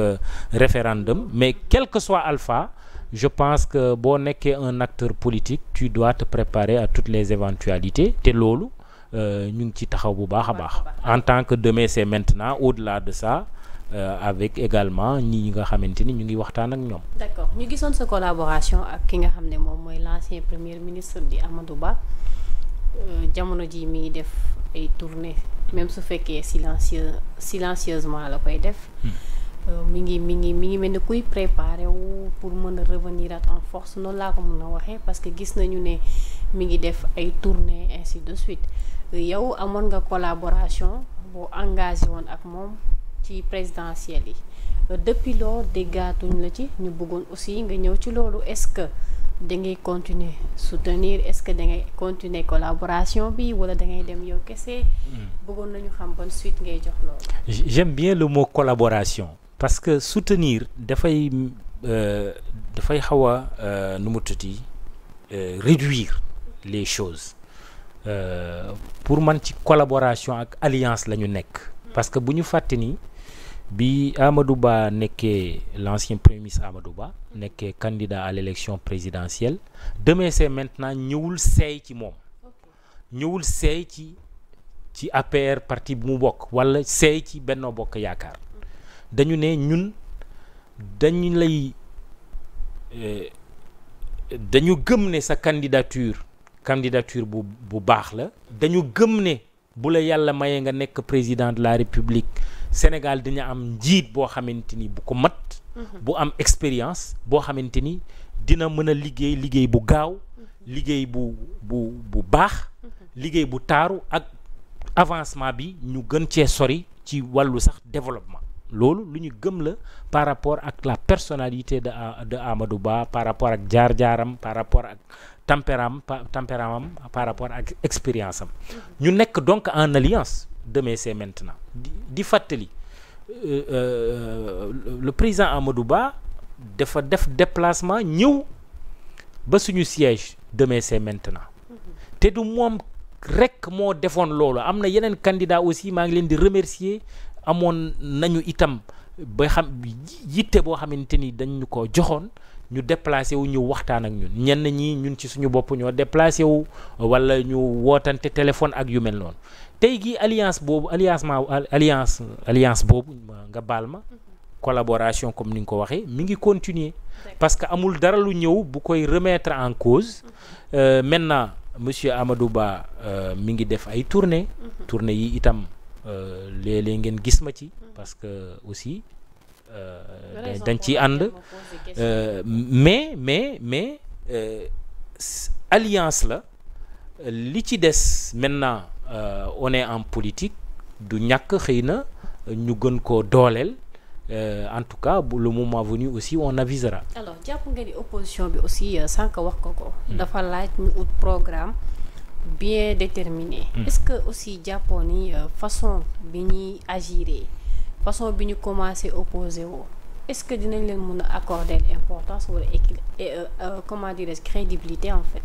référendum mais quel que soit alpha. je pense que boo nekkee un acteur politique tu dois te préparer à toutes les éventualités te loolu euh, ñu ngi ci taxaw bu baax a baax en tant que demain c'est maintenant au-delà de ça Euh, avec également ñi nga xamante ni ñu ngi waxtaan ak ñoom. d'accord ñu gisoon sa collaboration ak ki nga xam ne moom mooy l'ancien premier ministre di Amadou Ba euh, jamono ji mi ngi def ay tournées même su fekkee silencieux silencieusement la koy def. Hmm. Euh, mi ngi mi ngi mi ngi mel ni kuy préparer wu pour mën a revenir ak en force noonu laa ko mën a waxee parce que gis nañu ne mi ngi def ay tournées ainsi de suite euh, yow amoon nga collaboration boo engagé woon ak moom ci présidentielle yi euh, depuis lors déggaatuñ la ci ñu bëggoon aussi nga ñëw ci loolu est-ce que da ngay continuer soutenir est-ce que da ngay continuer collaboration bi wala da ngay dem yow kese. Hmm. bëggoon nañu xam ban suite ngay jox loolu. j'aime bien le mot collaboration. parce que soutenir dafay euh, dafay xaw a euh, nu mu tuuti euh, réduire les choses pour man ci collaboration ak alliance la ñu nekk. parce que bu ñu fàtte ni bi Amadou Ba nekkee l'ancien premier ministre Amadou Ba nekkee candidat à l'élection présidentielle demain c'est maintenant ñëwul seey ci moom ñëwul seey ci ci APR partie bi mu bokk walla seey ci Benno Bokk Yaakaar. dañu ne ñun dañu lay eh, dañu gëm ne sa candidature candidature bu bu baax la dañu gëm ne bu la yàlla mayee nga nekk président de la république Sénégal dina am njiit boo xamante ni bu ko mat mhm. bu am expérience boo xamante ni dina mën a liggéey liggéey bu gaaw mhm. liggéey bu bu baax mhm. liggéey bu taaru ak avancement bi ñu gën cee sori ci wàllu sax développement loolu lu ñu gëm la par rapport ak la personnalité de de Amadou Ba par rapport ak jaar-jaaram par rapport ak tempéram tempéramam par rapport ak expérience am ñu nekk donc en alliance demain c'est maintenant di fàttali euh, euh, le président du Ba dafa def déplacement ñëw ba suñu siège demain c'est maintenant te du moom rekk moo defoon loolu am na yeneen candidat aussi maa ngi leen di remercier amoon nañu itam ba xam yitte boo xamante ni dañ ñu ko joxoon ñu déplacé wu ñu waxtaan ak ñun ñenn ñi ñun ci suñu bopp ñoo déplacé wu walla ñu wootante téléphone ak yu mel noonu tey gi alliance boobu alliance ma alliance alliance boobu nga baal ma collaboration comme ni nga ko waxee mi ngi continuer parce que amul dara lu ñëw bu koy remettre en cause mhm. euh, maintenant monsieur Amadou Ba euh, mi ngi def ay tournée mhm. tournée yi itam Euh, léeg-léeg ngeen gis ma ci mm-hmm. parce que aussi euh, dañ ci ànd euh, mais mais mais euh, alliance la li ci des maintenant euh, on en politique du ñàkk xëy na ñu gën koo dooleel Euh, en tout cas le moment venu aussi on avisera. alors jàpp nga ni opposition bi aussi sànq wax ko ko. Mm. dafa laaj ñu ut programme. bien déterminé. Mm. est-ce que aussi jàppoo ni euh, façon bi ñuy agiré façon bi ñu commencé opposé woo est-ce que dinañ leen mun a accorder importance wala équil euh, euh, comment dirais-je crédibilité en fait.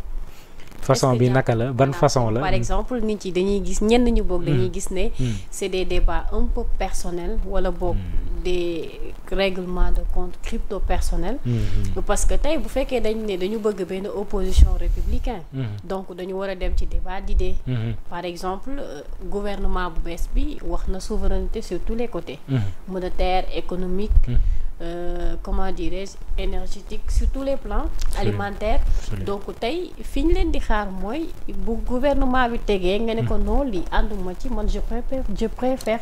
façon bi naka la ban façon la. par exemple nit yi dañuy gis ñenn ñu boog. dañuy mm. gis ne. Mm. c' est des débats un peu personnels wala boog mm. de règlements de compte crypto personnels. Mm-hmm. parce que tey bu fekkee dañ ne dañu bëgg benn opposition républicain. Mm-hmm. donc dañu war a dem ci débat d' idée. Mm-hmm. par exemple euh, gouvernement bu bees bi wax na souveraineté sur tous les côtés. monétaire économique. Euh, comment dirais-je énergétique sur tous les plans alimentaire donc tey fi ñu leen di xaar mooy bu gouvernement bi tegee nga ne ko mm. non lii ànduma ci man je préfère je préfère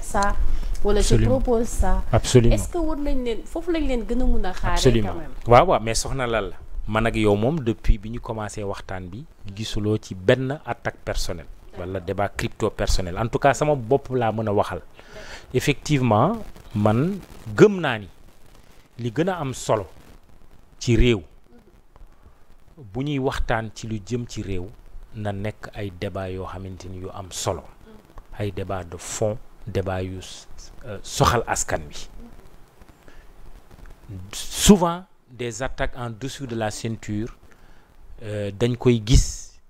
wala je propose ça absolument est war nañ leen foofu lañ leen gën a mun a xaaree quand waaw waaw mais soxna lal la man ak yow moom depuis bi ñu commencé waxtaan bi gisuloo ci benn attaque personnelle wala débat crypto personnel en tout cas sama bopp laa mën a waxal effectivement man gëm naa ni li gën a am solo ci réew bu ñuy waxtaan ci lu jëm ci réew na nekk ay débat yoo xamante ni yu am solo ay débat de fons débat yu euh, soxal askan bi souvent des attaques en dessous de la ceinture euh, dañ koy gis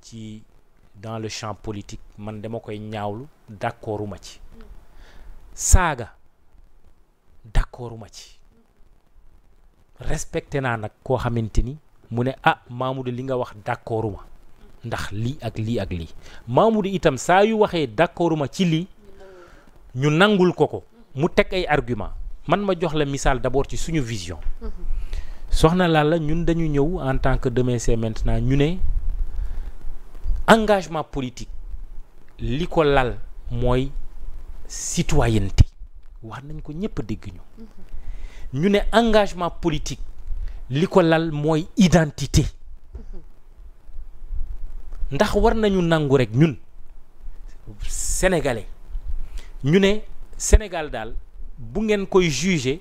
ci dans le champ politique man dama koy ñaawlu d'accorduma ci saaga d'accorduma ci respecté naa nag koo xamante ni mu ne ah Mamoudou li nga wax d'accorduma ndax lii ak lii ak lii Mamoudou itam saa yu waxee d'accorduma ci lii ñu nangul ko ko mu teg ay argument man ma jox la misaal d'abord ci suñu vision mm-hmm. soxna la ñun dañu ñëw en tant que demain c'est maintenant ñu ne engagement politique li ko lal mooy citoyenneté wax nañ ko ñëpp dégg ñu mm-hmm. ñu ne engagement politique li ko lal mooy identité ndax war nañu nangu rek ñun sénégalais ñu ne Sénégal daal bu ngeen koy juger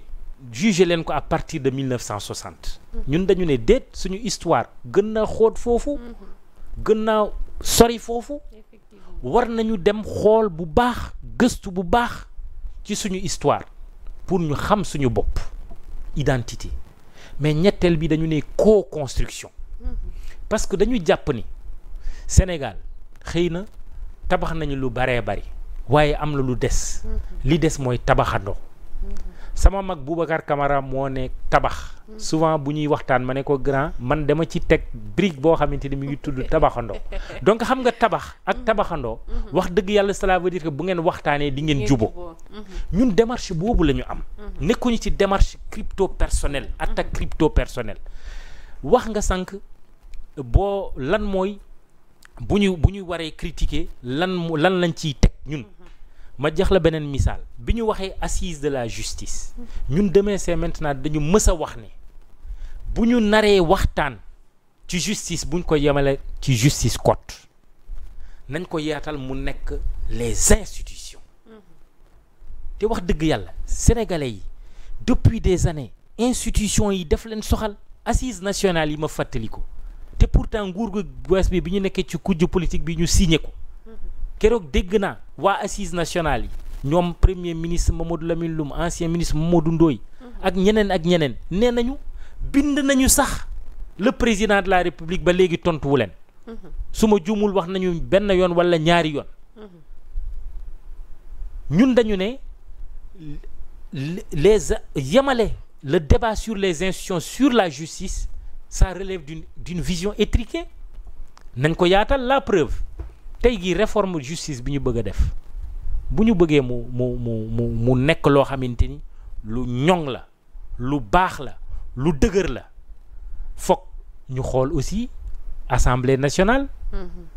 juger leen ko à partir de 1960. ñun dañu ne déet suñu histoire gën naa xóot foofu. gën naa sori foofu. war nañu dem xool bu baax gëstu bu baax ci suñu histoire pour ñu xam suñu bopp. identité mais ñetteel bi dañu ne co-construction mm-hmm. parce que dañu jàpp ni Sénégal xëy na tabax nañu lu baree bari waaye am na lu des mm-hmm. li des mooy tabaxandoo mm-hmm. sama mag Boubacar kamara moo ne tabax mm. souvent bu ñuy waxtaan ma ne ko grand man dama ci teg brique boo xamante ni mi ngi tudd tabaxandoo donc xam nga tabax ak mm. tabaxandoo mm-hmm. wax dëgg yàlla cela veut dire que bu ngeen waxtaanee di ngeen jubo mm-hmm. ñun démarche boobu la ñu am mm-hmm. nekkuñu ci démarche crypto personnel attaque crypto personnel wax nga sànq boo lan mooy bu ñu bu ñu waree critiquer lan lan lañ ciy teg ñun ma jox la beneen misaal bi ñu waxee assise de la justice ñun demain c'est maintenant dañu mës a wax ne bu ñu naree waxtaan ci justice buñ ko yemale ci justice cote nañ ko yaatal mu nekk les institutions te wax dëgg yàlla sénégalais yi depuis des années institutions yi def leen soxal assise nationale yi ma fàttali ko te pourtant nguur gu bees bi ñu nekkee ci kujj politique bi ñu signé ko keroog dégg naa waa assise nationale yi ñoom premier ministre Mamadou Lamine Loum ancien ministre Mamadou Ndoye mhm. ak ñeneen ak ñeneen nee nañu bind nañu sax le président de la république ba léegi tontuwu leen mhm. su ma juumul wax nañu benn yoon walla ñaari yoon mhm. ñun dañu ne les yemale le débat sur les institutions sur la justice ça relève d'une d'une vision étriquée nañ ko yaatal la preuve tey jii réforme justice bi ñu bëgg a def bu ñu bëggee mu mu mu mu mu nekk loo xamante ni lu ñoŋ la lu baax la lu dëgër la foog ñu xool aussi assemblée nationale. Mm-hmm.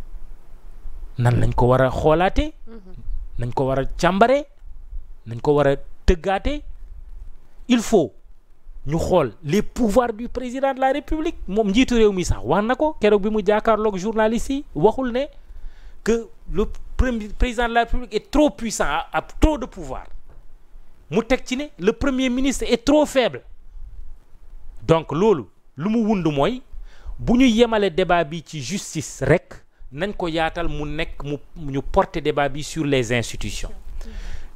nan lañ ko war a xoolaate mm-hmm. nañ ko war a càmbare nañ ko war a tëggaate il faut ñu xool les pouvoirs du président de la république moom njiitu réew mi sax wax na ko keroog bi mu jàkkaarloog journaliste yi waxul ne. que le premier président de la République est trop puissant a, a trop de pouvoir mu teg ci ne le premier ministre est trop faible donc loolu lu mu wund mooy bu ñu yemale débat bi ci justice rek nañ ko yaatal mu nekk mu ñu porter débat bi sur les institutions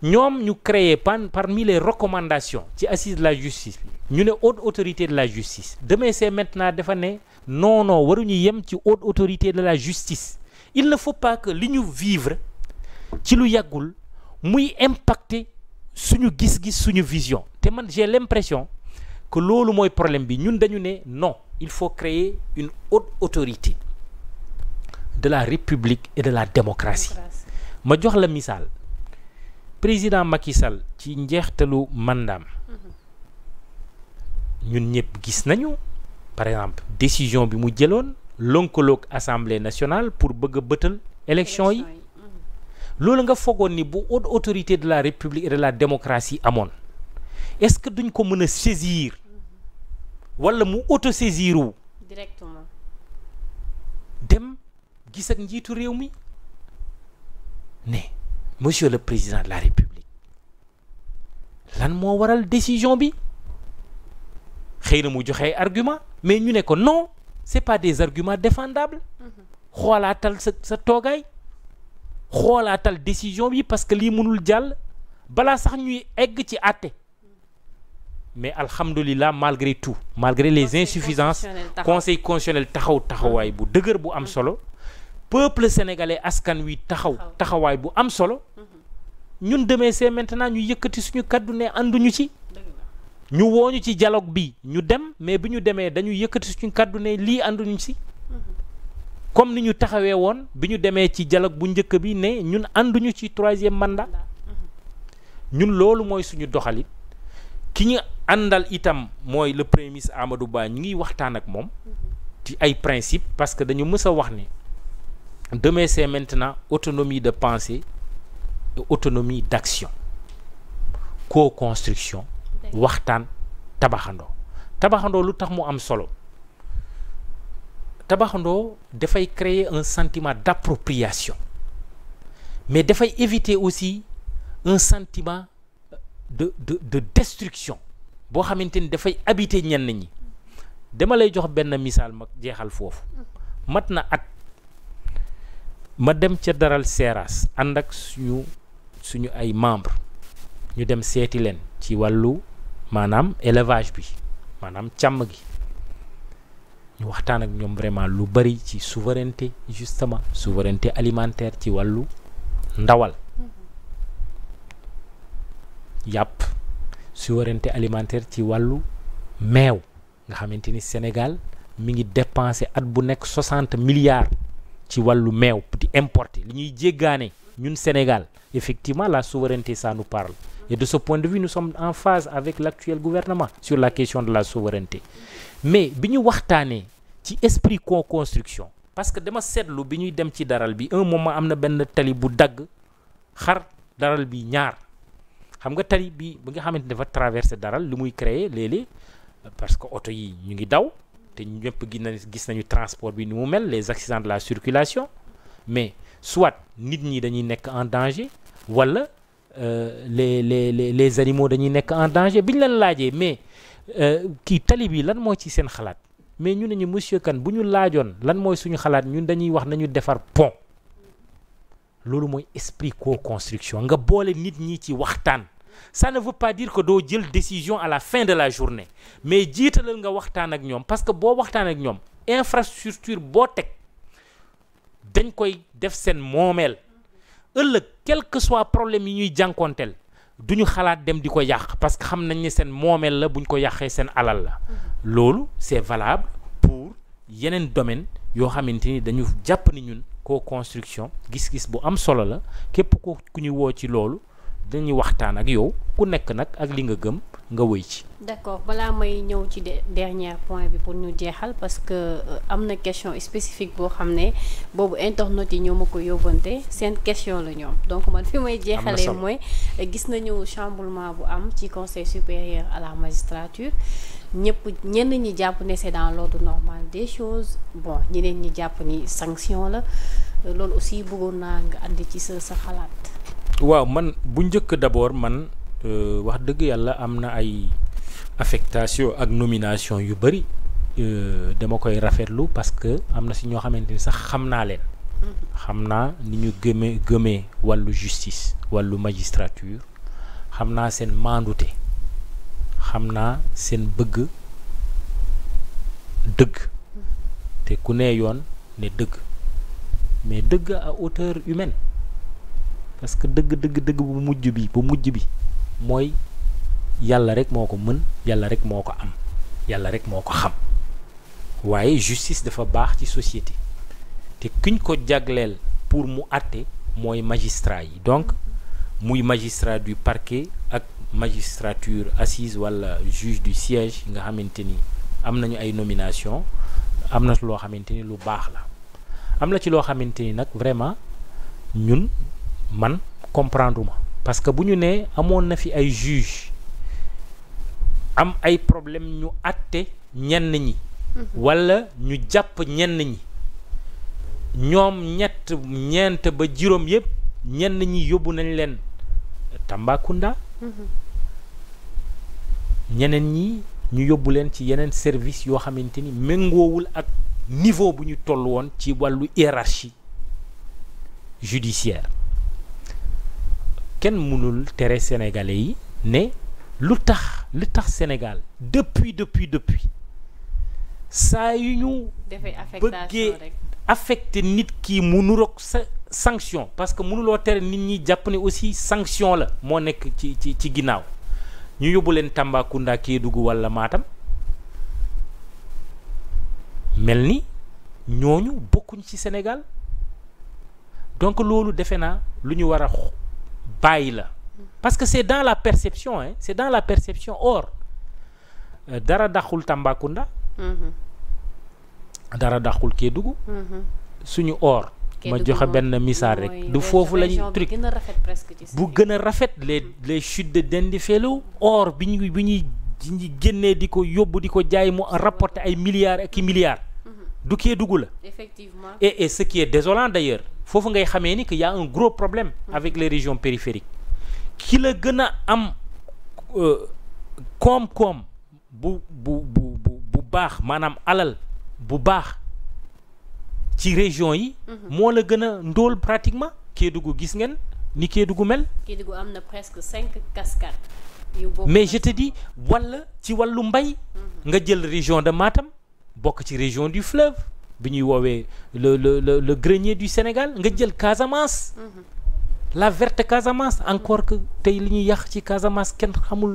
ñoom ñu créer pan parmi les recommandations ci assise de la justice ñu ne haute autorité de la justice demain c'est maintenant dafa ne non non waruñu yem ci haute autorité de la justice il ne faut pas que li ñu vivre ci lu yàggul muy impacter suñu gis-gis suñu vision te man j'ai l'impression que loolu mooy problème bi ñun dañu ne non il faut créer une haute autorité de la république et de la démocratie ma jox la misaal président Macky ci njeextalu mandam mm-hmm. ñun ñëpp gis nañu par exemple décision bi mu jëloon lënkaloog assemblée nationale pour bëgg bëtal élection yi mhm. loolu nga foogoon ni bu haute autorité de la république et de la démocratie amoon est-ce que duñ ko mën a saisir mhm. walla mu auto saisir wu directement dem gis ak njiitu réew mi ne monsieur le président de la république lan moo waral décision bi xëy na mu joxe ay argument mais ñu ne ko non c'est pas des arguments défendables xoolaatal sa sa toogaay xoolaatal décision bi parce que lii mënul jàll balaa sax ñuy egg ci àtte mais alhamdulilah malgré tout malgré les insuffisances conseil constitutionnel taxaw taxawaay bu dëgër bu am solo peuple sénégalais askan wi taxaw taxawaay bu am solo mhm. ñun demee see maintenant ñu yëkkati suñu kàddu ne ànduñu ci ñu wooñu ci jaloog bi ñu dem mais bi ñu demee dañu yëkkati suñu kàddu ne lii ànduñu si mm-hmm. comme ni ñu taxawee woon bi ñu demee ci dialogue bu njëkk bi ne ñun ànduñu ci troisième mandat mm-hmm. ñun loolu mooy suñu doxalit ki ñu àndal itam mooy le premier ministre Amadou Ba ñu ngi waxtaan ak moom mm-hmm. ci ay principe parce que dañu mës a wax ne demain c'est maintenant autonomie de pensée autonomie d'action co-construction waxtaan tabaxandoo tabaxandoo lu tax mu am solo tabaxandoo dafay créer un sentiment d'appropriation mais dafay éviter aussi un sentiment de de de boo xamante ni dafay habiter ñenn ñi dama lay jox benn misaal ma jeexal foofu mat na at ma dem ca daral seeraas ànd ak suñu suñu ay membre ñu dem seeti leen ci wàllu maanaam élevage bi maanaam càmm gi ñu waxtaan ak ñoom vraiment lu bari ci souveraineté justement souveraineté alimentaire ci wàllu ndawal mm-hmm. yàpp souveraineté alimentaire ci wàllu meew nga xamante ni Sénégal mu ngi dépensé at bu nekk soixante milliards ci wàllu meew di importer li ñuy jéggaane ñun Sénégal effectivement la souveraineté ça nous parle Et de ce point de vue, nous sommes en phase avec l'actuel gouvernement sur la question de la souveraineté. Mais, bi ñu waxtaanee ci esprit co-construction parce que dama seetlu bi ñuy dem ci daral bi un moment am na benn tali bu dagg xar daral bi ñaar xam nga tali bi bi nga xamante dafa traverser daral li muy créer léeg-léeg parce que oto yi ñu ngi daw te ñëpp gis nañu gis nañu transport bi ni mu mel les accidents de la circulation mais soit nit ñi dañuy nekk en danger wala Euh, les les les les animaux dañuy nekk en danger bi ñu leen laajee mais euh, kii tali bi lan mooy ci seen xalaat mais ñu ne ñu monsieur kan bu ñu laajoon lan mooy suñu xalaat ñun dañuy wax nañu defar pont loolu mooy esprit co nga boole nit ñi ci waxtaan. ça ne veut pas dire que doo jël décision à la fin de la journée mais jiitalal nga waxtaan ak ñoom parce que boo waxtaan ak ñoom infrastructure boo teg dañ koy def seen moomeel. ëllëg quelque que soit problème yi ñuy jànkonteel du ñu xalaat dem di ko yàq parce que xam nañ ne seen moomeel la bu ñu ko yàqee seen alal la mm-hmm. loolu c'est valable pour yeneen domaine yoo xamante ni dañu jàpp ni ñun co-construction gis-gis bu am solo la képp ko ku ñu woo ci loolu dañuy waxtaan ak yow ku nekk nag ak li nga gëm nga wëy ci. d'accord balaa may ñëw ci dernier point bi pour ñu jeexal parce que euh, am na question spécifique boo xam ne boobu internautes yi ñoo ma ko yóbbante seen question la ñoom donc man fi may jeexalee mooy gis nañu chamboulement bu am ci conseil supérieur à la magistrature ñëpp ñenn ñi jàpp ne c'est dans l'ordre normal des choses bon ñeneen ñi jàpp ni sanction la euh, loolu aussi bëggoon naa nga andi ci sa sa xalaat waaw man bu njëkk d'abord man euh, wax dëgg yàlla am na ay affectation ak nomination yu bëri euh, dama koy rafetlu parce que am na si ñoo xamante ni sax xam naa leen xam naa ni ñu gëmee gëmee wàllu justice wàllu magistrature xam naa seen maandute xam naa seen bëgg dëgg te ku ne yoon ne dëgg mais dëgg à hauteur humaine parce que dëgg dëgg dëgg bu mujj bi bu mujj bi mooy yàlla rek moo ko mën yàlla rek moo ko am yàlla rek moo ko xam waaye justice dafa baax ci société te kuñ ko jagleel pour mu àtte mooy magistrat yi donc muy magistrat du parquet ak magistrature assise walla juge du siège nga xamante ni am nañu ay nomination am na loo xamante ni lu baax la am na ci loo xamante ni nag vraiment ñun man comprendre ma parce que bu ñu nee amoon na fi ay juge am ay problème ñu àtte ñenn ñi mhm. wala ñu jàpp ñenn ñi ñoom ñett ñeent ba juróom yëpp ñenn ñi yóbbu nañ leen Tambacounda mhm. ñeneen ñi ñu yóbbu leen ci yeneen service yoo xamante ni méngoowul ak niveau bu ñu toll woon ci wàllu hiérarchie judiciaire kenn mënul tere sénégalais yi ne lu tax lu tax Sénégal depuis depuis depuis saa yu ñu bëggee affecté nit kii mu nuroog sa sanction parce que mënuloo tere nit ñi jàpp ne aussi sanction la moo nekk ci ci ci ginnaaw ñu yóbbu leen Tambacounda dugg walla maatam mel ni ñooñu bokkuñ ci Sénégal donc loolu defe naa lu ñu war a bàyyi la parce que c'est dans la perception hein c'est la perception or euh, dara daxul Tambacounda mhm. dara daxul Kédougou mhm. suñu or ma joxe benn misaal rek du foofu lañu truc bu gën a rafet les les chutes de Dindi Felo or bi ñu bi ñuy génnee di ko yóbbu di ko jaay mu rapporter ay milliards ak i milliards du Kédougou la. effectivement et et ce qui est désolant d'ailleurs foofu ngay xame ni que yaa a un gros problème. Mm-hmm. avec les régions périphériques. ki la gën a am euh, koom-koom bu bu bu bu baax maanaam alal bu baax ci région yi. Mm-hmm. moo la gën a ndóol pratiquement. Kédougou gis ngeen ni Kédougou mel. Kédougou am na presque cinq cascades. mais je te dis walla ci wàllu mbay. Mm-hmm. nga jël région de Matam. bokk ci région du fleuve bi ñuy woowee le le le le grenier du Sénégal nga jël Casamance. Mm-hmm. la verte Casamance encore que tey li ñuy yàq ci Casamance kenn xamul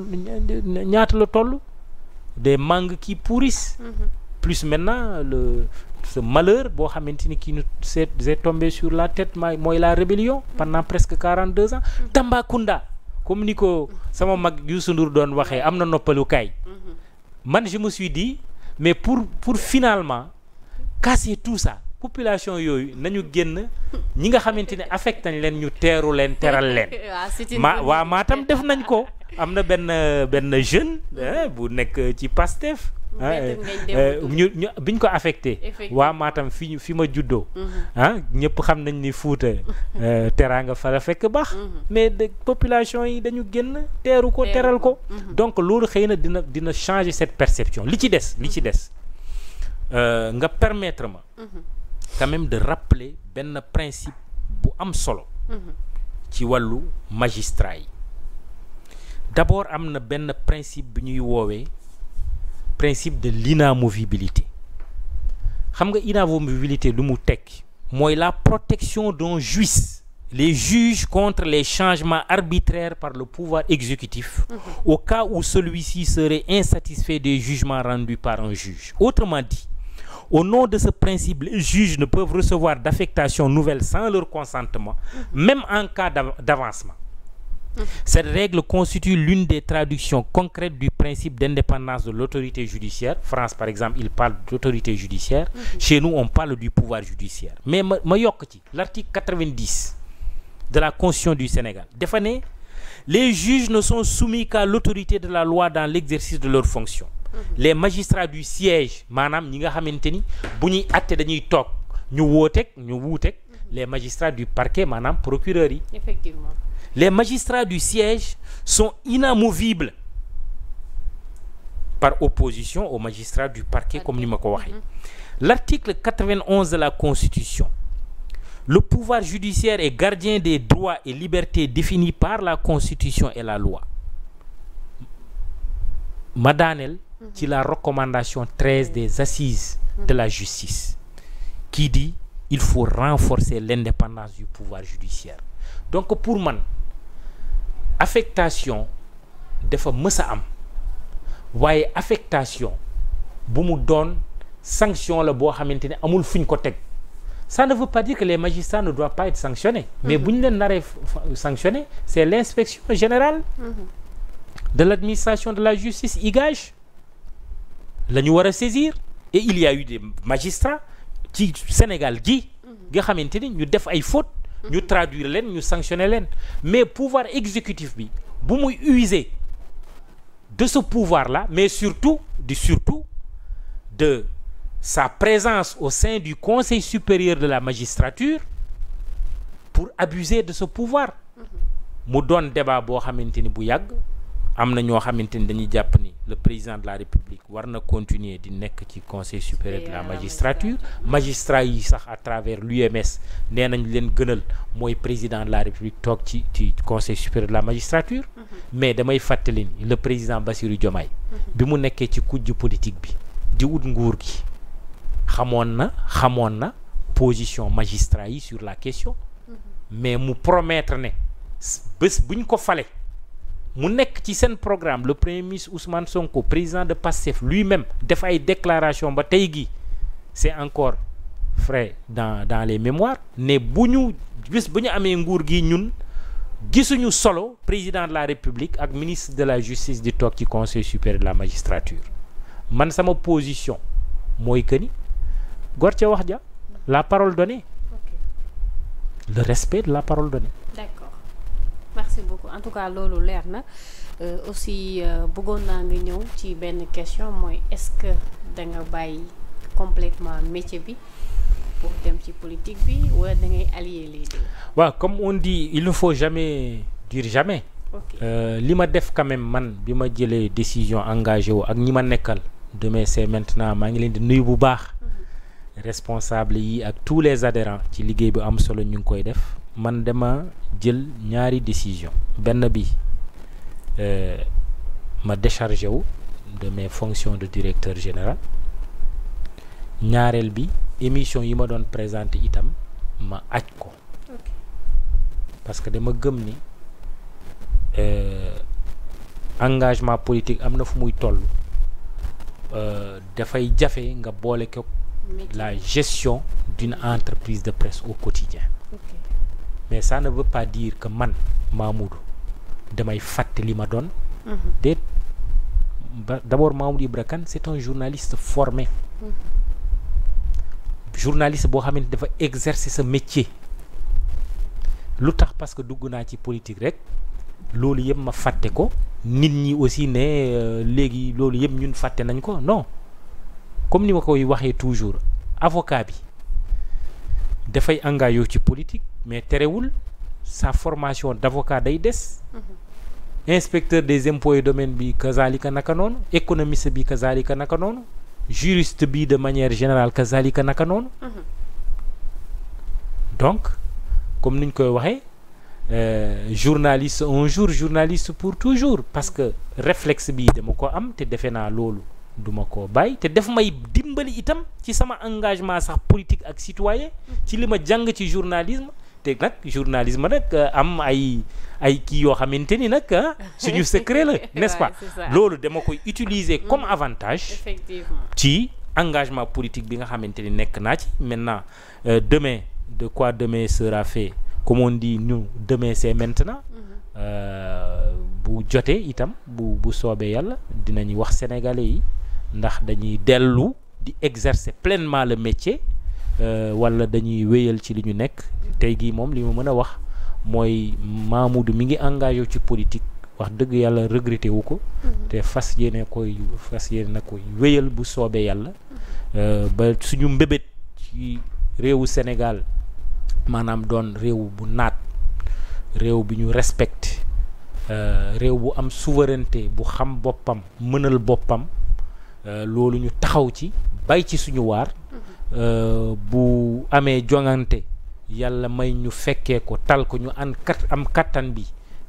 ñaata la toll des mangues qui pourrissent. Mm-hmm. plus maintenant le ce malheur boo xamante ni kii nu c'est c'est tombé sur la tête ma mooy la rébellion pendant mm-hmm. presque quarante deux ans. Tambacounda comme ni ko sama mag Youssou Ndour doon waxee am na noppalukaay. man je me mais pour pour finalement casser tout ça population yooyu nañu génn ñi nga xamante ne affecté nañ leen ñu teeru leen teral leen. Ah, ma waa Matam def nañ ko. am na benn benn jeune bu nekk ci Pastef Ah, eh, eh, biñ ko affecté waa Matam fi fi ma juddoo mhm. ah ñëpp xam nañ ni Fuuta eh, teraanga fa la fekk baax mhm. mais de population yi dañu génn teeru ko teral ko mhm. donc loolu xëy na dina dina changer cette perception li ci des li ci des euh, nga permettre ma quand même de rappeler benn principe bu am solo ci wàllu magistrat yi d'abord am na benn principe bi ñuy woowee principe de l'inamovibilité xam nga inamovibilité lu mu tekki mooy la protection dont jouissent les juges contre les changements arbitraires par le pouvoir exécutif mmh. au cas où celui-ci serait insatisfait des jugements rendus par un juge autrement dit au nom de ce principe les juges ne peuvent recevoir d'affectation nouvelle sans leur consentement mmh. même en cas d'avancement Cette règle constitue l'une des traductions concrètes du principe d'indépendance de l'autorité judiciaire. France, par exemple, il parle d'autorité judiciaire. Mhm. Chez nous, on parle du pouvoir judiciaire. mais ma ma yokk ci l'article 90 de la Constitution du Sénégal dafa ne les juges ne sont soumis qu'à l'autorité de la loi dans l'exercice de leurs fonctions. Mhm. les magistrats du siège maanaam ñi nga xamante ni bu ñuy àtte dañuy toog ñu wooteeg ñu wuuteeg mhm. les magistrats du maanaam procureurs yi. les magistrats du siège sont inamovibles par opposition aux magistrats du parquet comme ni ma ko waxee l'article 91 de la constitution le pouvoir judiciaire est gardien des droits et libertés définis par la constitution et la loi ma daaneel ci la recommandation 13 des assises de la justice qui dit il faut renforcer l'indépendance du pouvoir judiciaire donc pour man affectation dafa mës a am waaye affectation bu mu doon sanction la boo xamante ne amul fuñ ko teg ça ne veut pas dire que les magistrats ne doivent pas être sanctionnés mm-hmm. mais bu ñu leen naree sanctionné c'est l'inspection générale mm-hmm. de l'administration de la justice IGAJ la ñu war a saisir et il y a eu des ci Sénégal gi mm-hmm. nga xamante ni ñu def ay fautes ñu traduire leen ñu sanctionner leen mais pouvoir exécutif bi bu muy user de ce pouvoir là mais surtout du surtout de sa présence au sein du conseil supérieur de la magistrature pour abuser de ce pouvoir mm-hmm. mu doon débat boo xamante ni bu yàgg am na ñoo xamante ni dañuy jàpp ni le président de la république war na continuer di nekk ci conseil supérieur de la magistrature magistrat yi sax travers l'UMS nee nañ leen gënal mooy président la république toog ci ci conseil supérieur de la magistrature mhm. mais damay fàttali le président Bassirou Diomaye mhm. bi mu nekkee ci kujj politique bi di wut nguur gi xamoon na xamoon na position magistrat yi sur la question mhm. mais mu promettre ne bés buñ ko fale mu nekk ci seen programme le premier ministre Ousmane Sonko président de PASTEF lui-même def ay déclaration ba tey gi c'est encore frais dans dans les mémoires ne bu ñu bis bu ñu amee nguur gi ñun gisuñu solo président de la république ak ministre de la justice di toog ci conseil supérieur de la magistrature man sama position mooy que ni gor ca wax ja la parole données le respect de la parole donnée merci beaucoup en tout cas loolu leer na euh, aussi euh, bëggoon naa nga ñëw ci benn question mooy est-ce que da nga bàyyi complètement métier bi pour dem ci politique bi wala da ngay allier les deux. waaw comme on di il ne faut jamais dire jamais. Euh, li ma def quand man bi ma jëlee décision engagé ak ñi ma nekkal demain c'est maintenant maa ngi leen di nuyu bu baax. Mhm. responsable yi ak tous les adhérents ci liggéey bu am solo ñu ngi koy def. man dama jël ñaari décision benn bi euh, ma déchargé wu de mes fonctions de directeur général ñaareel bi émission yi ma doon présenté itam ma aj ko parce que dama gëm ni euh, engagement politique am na fu muy toll euh, dafay jafe nga boole ko la gestion d'une entreprise de presse au quotidien mais ça ne veut pas dire que man Mamoudou damay fàtte li ma doon mhm. déet ba d'abord Mamoudou Ibra Kane c'est un journaliste formé mhm. journaliste boo xamante dafa exercer sa métier lu tax parce que dugg naa ci politique rek loolu yëpp ma fàtte ko nit ñi aussi ne euh, léegi loolu yëpp ñun fàtte nañ ko non comme ni ma koy waxee toujours avocat bi dafay engagé ci politique mais terewul sa formation d'avocat day des mhm. inspecteur des impôts et domaines bi kazalika naka noonu économiste bi kazalika naka noonu juriste bi de manière générale kazalika naka noonu mhm. donc comme ni ñu koy waxee euh, journaliste un jour journaliste pour toujours parce que réflexe bi dama ko am te defe naa loolu duma ko bàyyi te def may dimbali itam ci sama engagement sax politique ak citoyen mhm. ci li ma jàng ci journalisme te nag journalisme nag euh, am ay kii yoo xamante ni nag euh, suñu secret la nest loolu dama koy utiliser comme mm. avantage ci engagement politique bi nga xamante ni nekk naa ci maintenant euh, de quoi demain sera fait comme on dit nous demain c'est maintenant mm-hmm. euh, bu jotee itam bu bu soobee yàlla dinañuy wax sénégalais yi ndax dañuy dellu di exercer pleinement la métier Euh, wala dañuy wéyal ci li ñu nekk tey gii moom li mu mën a wax mooy du mi ngi engagé ci politique wax dëgg yàlla regretté wu ko. Mhm. te fas yéene koy fas yéene na koy wéyal bu soobee yàlla. Euh, ba suñu mbébét ci réewu Sénégal maanaam doon réew bu naat réew bi ñu respecte euh, réew bu am souveraineté bu xam boppam mënal boppam loolu ñu taxaw ci bay ci suñu waar. Euh, bu amee joŋante yàlla may ñu fekkee ko tal ñu an kat am kattan bi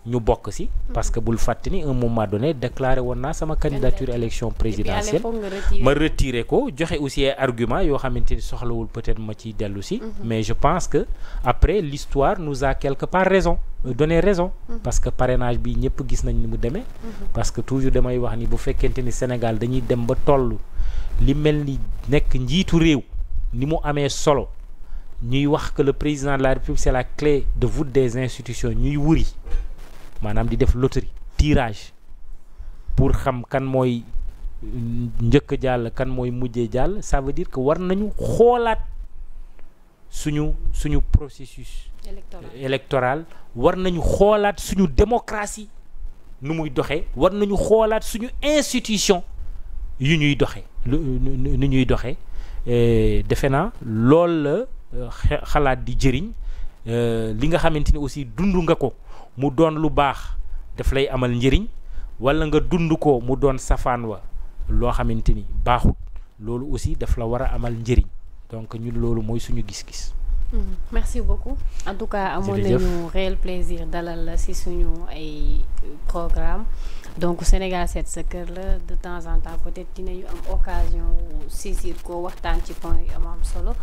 ñu bokk si. Mm-hmm. parce que bul fàtte ni un moment donné déclaré woon naa sama candidature élection présidentielle. ma retiré ko joxe aussi ay argument yoo xamante ni soxlawul peut-être ma ciy dellu si. Mm-hmm. mais je pense que après l'histoire nous a quelque part raison euh, donné raison. Mm-hmm. parce que parrainage bi ñëpp gis nañ ni mu demee. parce que toujours damay wax ni bu fekkente ni Sénégal dañuy dem ba toll li mel ni nekk njiitu réew. ni mu amee solo ñuy wax que le président de la république c'est la clé de voute des institutions ñuy wuri maanaam di def loterie tirage pour xam kan mooy njëkk jàll kan mooy mujjee jàll ça veut dire que war nañu xoolaat suñu suñu processus électoral war nañu xoolaat suñu démocratie nu muy doxee war nañu xoolaat suñu institution yu ñuy doxee nu ñuy doxee Eh, defe na lool la eh, xalaat di jëriñ eh, li nga xamante ni aussi dund nga ko mu doon lu baax daf lay amal njëriñ wala nga dund ko mu doon safaan wa loo xamante ni baaxut loolu aussi daf la war a amal njëriñ donc ñun loolu mooy suñu gis-gis. Hmm. merci beaucoup en tout cas amoon nañu réel plaisir dalal la ci suñu ay programme donc Sénégal seet sa kër la de temps en temps peut-être dinañu am occasion saisir ko waxtaan ci point yu am am solo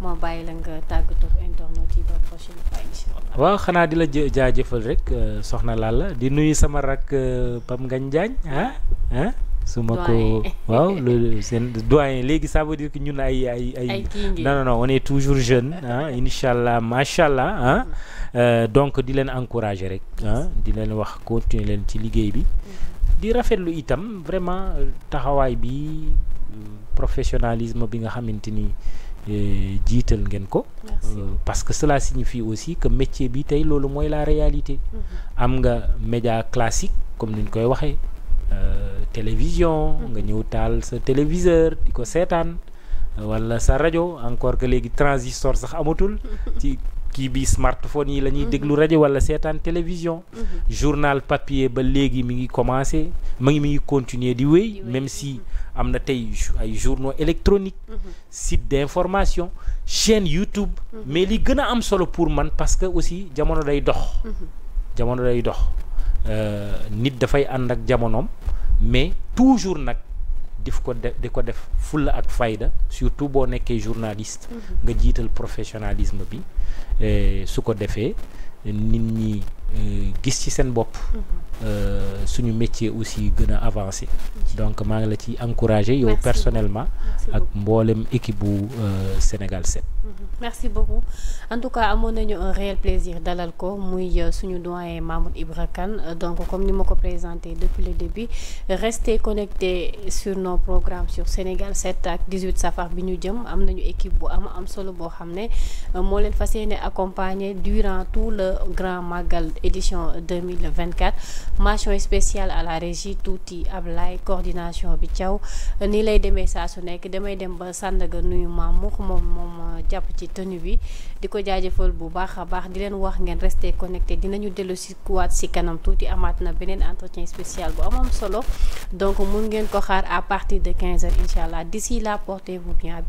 moo bàyyi la nga tàggatoo internet yi ba prochaine fois incha allah. waaw xanaa di la jaajëfal rek euh, soxna Lalla di nuyu sama rak euh, Pam Ngagne Diagne ah ah. su ma ko waaw loolu seen doyen léegi ça veut dire que ñun ay ay ay. non non non on est toujours jeune ah incha allah macha allah ah. Euh, donc di leen encourager rek di leen wax continuer leen ci liggéey bi di rafetlu itam vraiment euh, taxawaay bi euh, professionalisme bi nga xamante ni jiital ngeen ko parce que cela signifie aussi que métier bi tey loolu mooy la réalité mm-hmm. am nga média classique comme ni ñu koy waxee télévision mm-hmm. nga ñëw taal sa téléviseur di ko seetaan walla sa rajo encore que léegi transistor sax amatul ci kii bi smartphone yi la ñuy mhm. déglu rajo wala seetaan télévision mhm. journal papier ba léegi mi ngi commencé ma ngi mi ngi continuer di wéy même si am na tey ay journaux électroniques mhm. site d'information chaîne YouTube mais li gën a am solo pour man parce que aussi jamono day dox jamono day dox euh, nit dafay ànd ak jamonoom mais toujours nag dif ko def di ko def fulla ak fayda surtout boo nekkee journaliste nga jiital professionnalisme bi su ko defee nit ñi gis ci seen bopp mhm. euh, suñu métier aussi gën a avancé donc maa ngi la ci encouragé yow personnellement ak mboolem équipe bu euh, Sénégal 7 mhm. merci beaucoup en tout cas amoon nañu un réel dalal ko muy euh, suñu doyen Mamoud Ibra Kane donc comme ni ma ko présenté le début restez connectés sur nos programmes Sénégal 7 ak 18 safar bi ñu jëm am nañu équipe bu am am solo boo xam ne moo leen fas yéene accompagner durant tout le grand magal édition 2024 euh, mention spéciale à la régie tuuti Ablaye coordination bi caw nii lay demee saa su nekk damay dem ba Sandaga nuyu Mamour moom moom euh, jàpp ci tenue bi di ko jaajëfal bu baax a baax di leen wax ngeen rester connecté ñu dellu si kuwaat si kanam tuuti amaat na beneen entretien spécial bu amoon solo donc mun ngeen ko xaar à partir de 15 heures incha allah d'ici la portez-vous bien à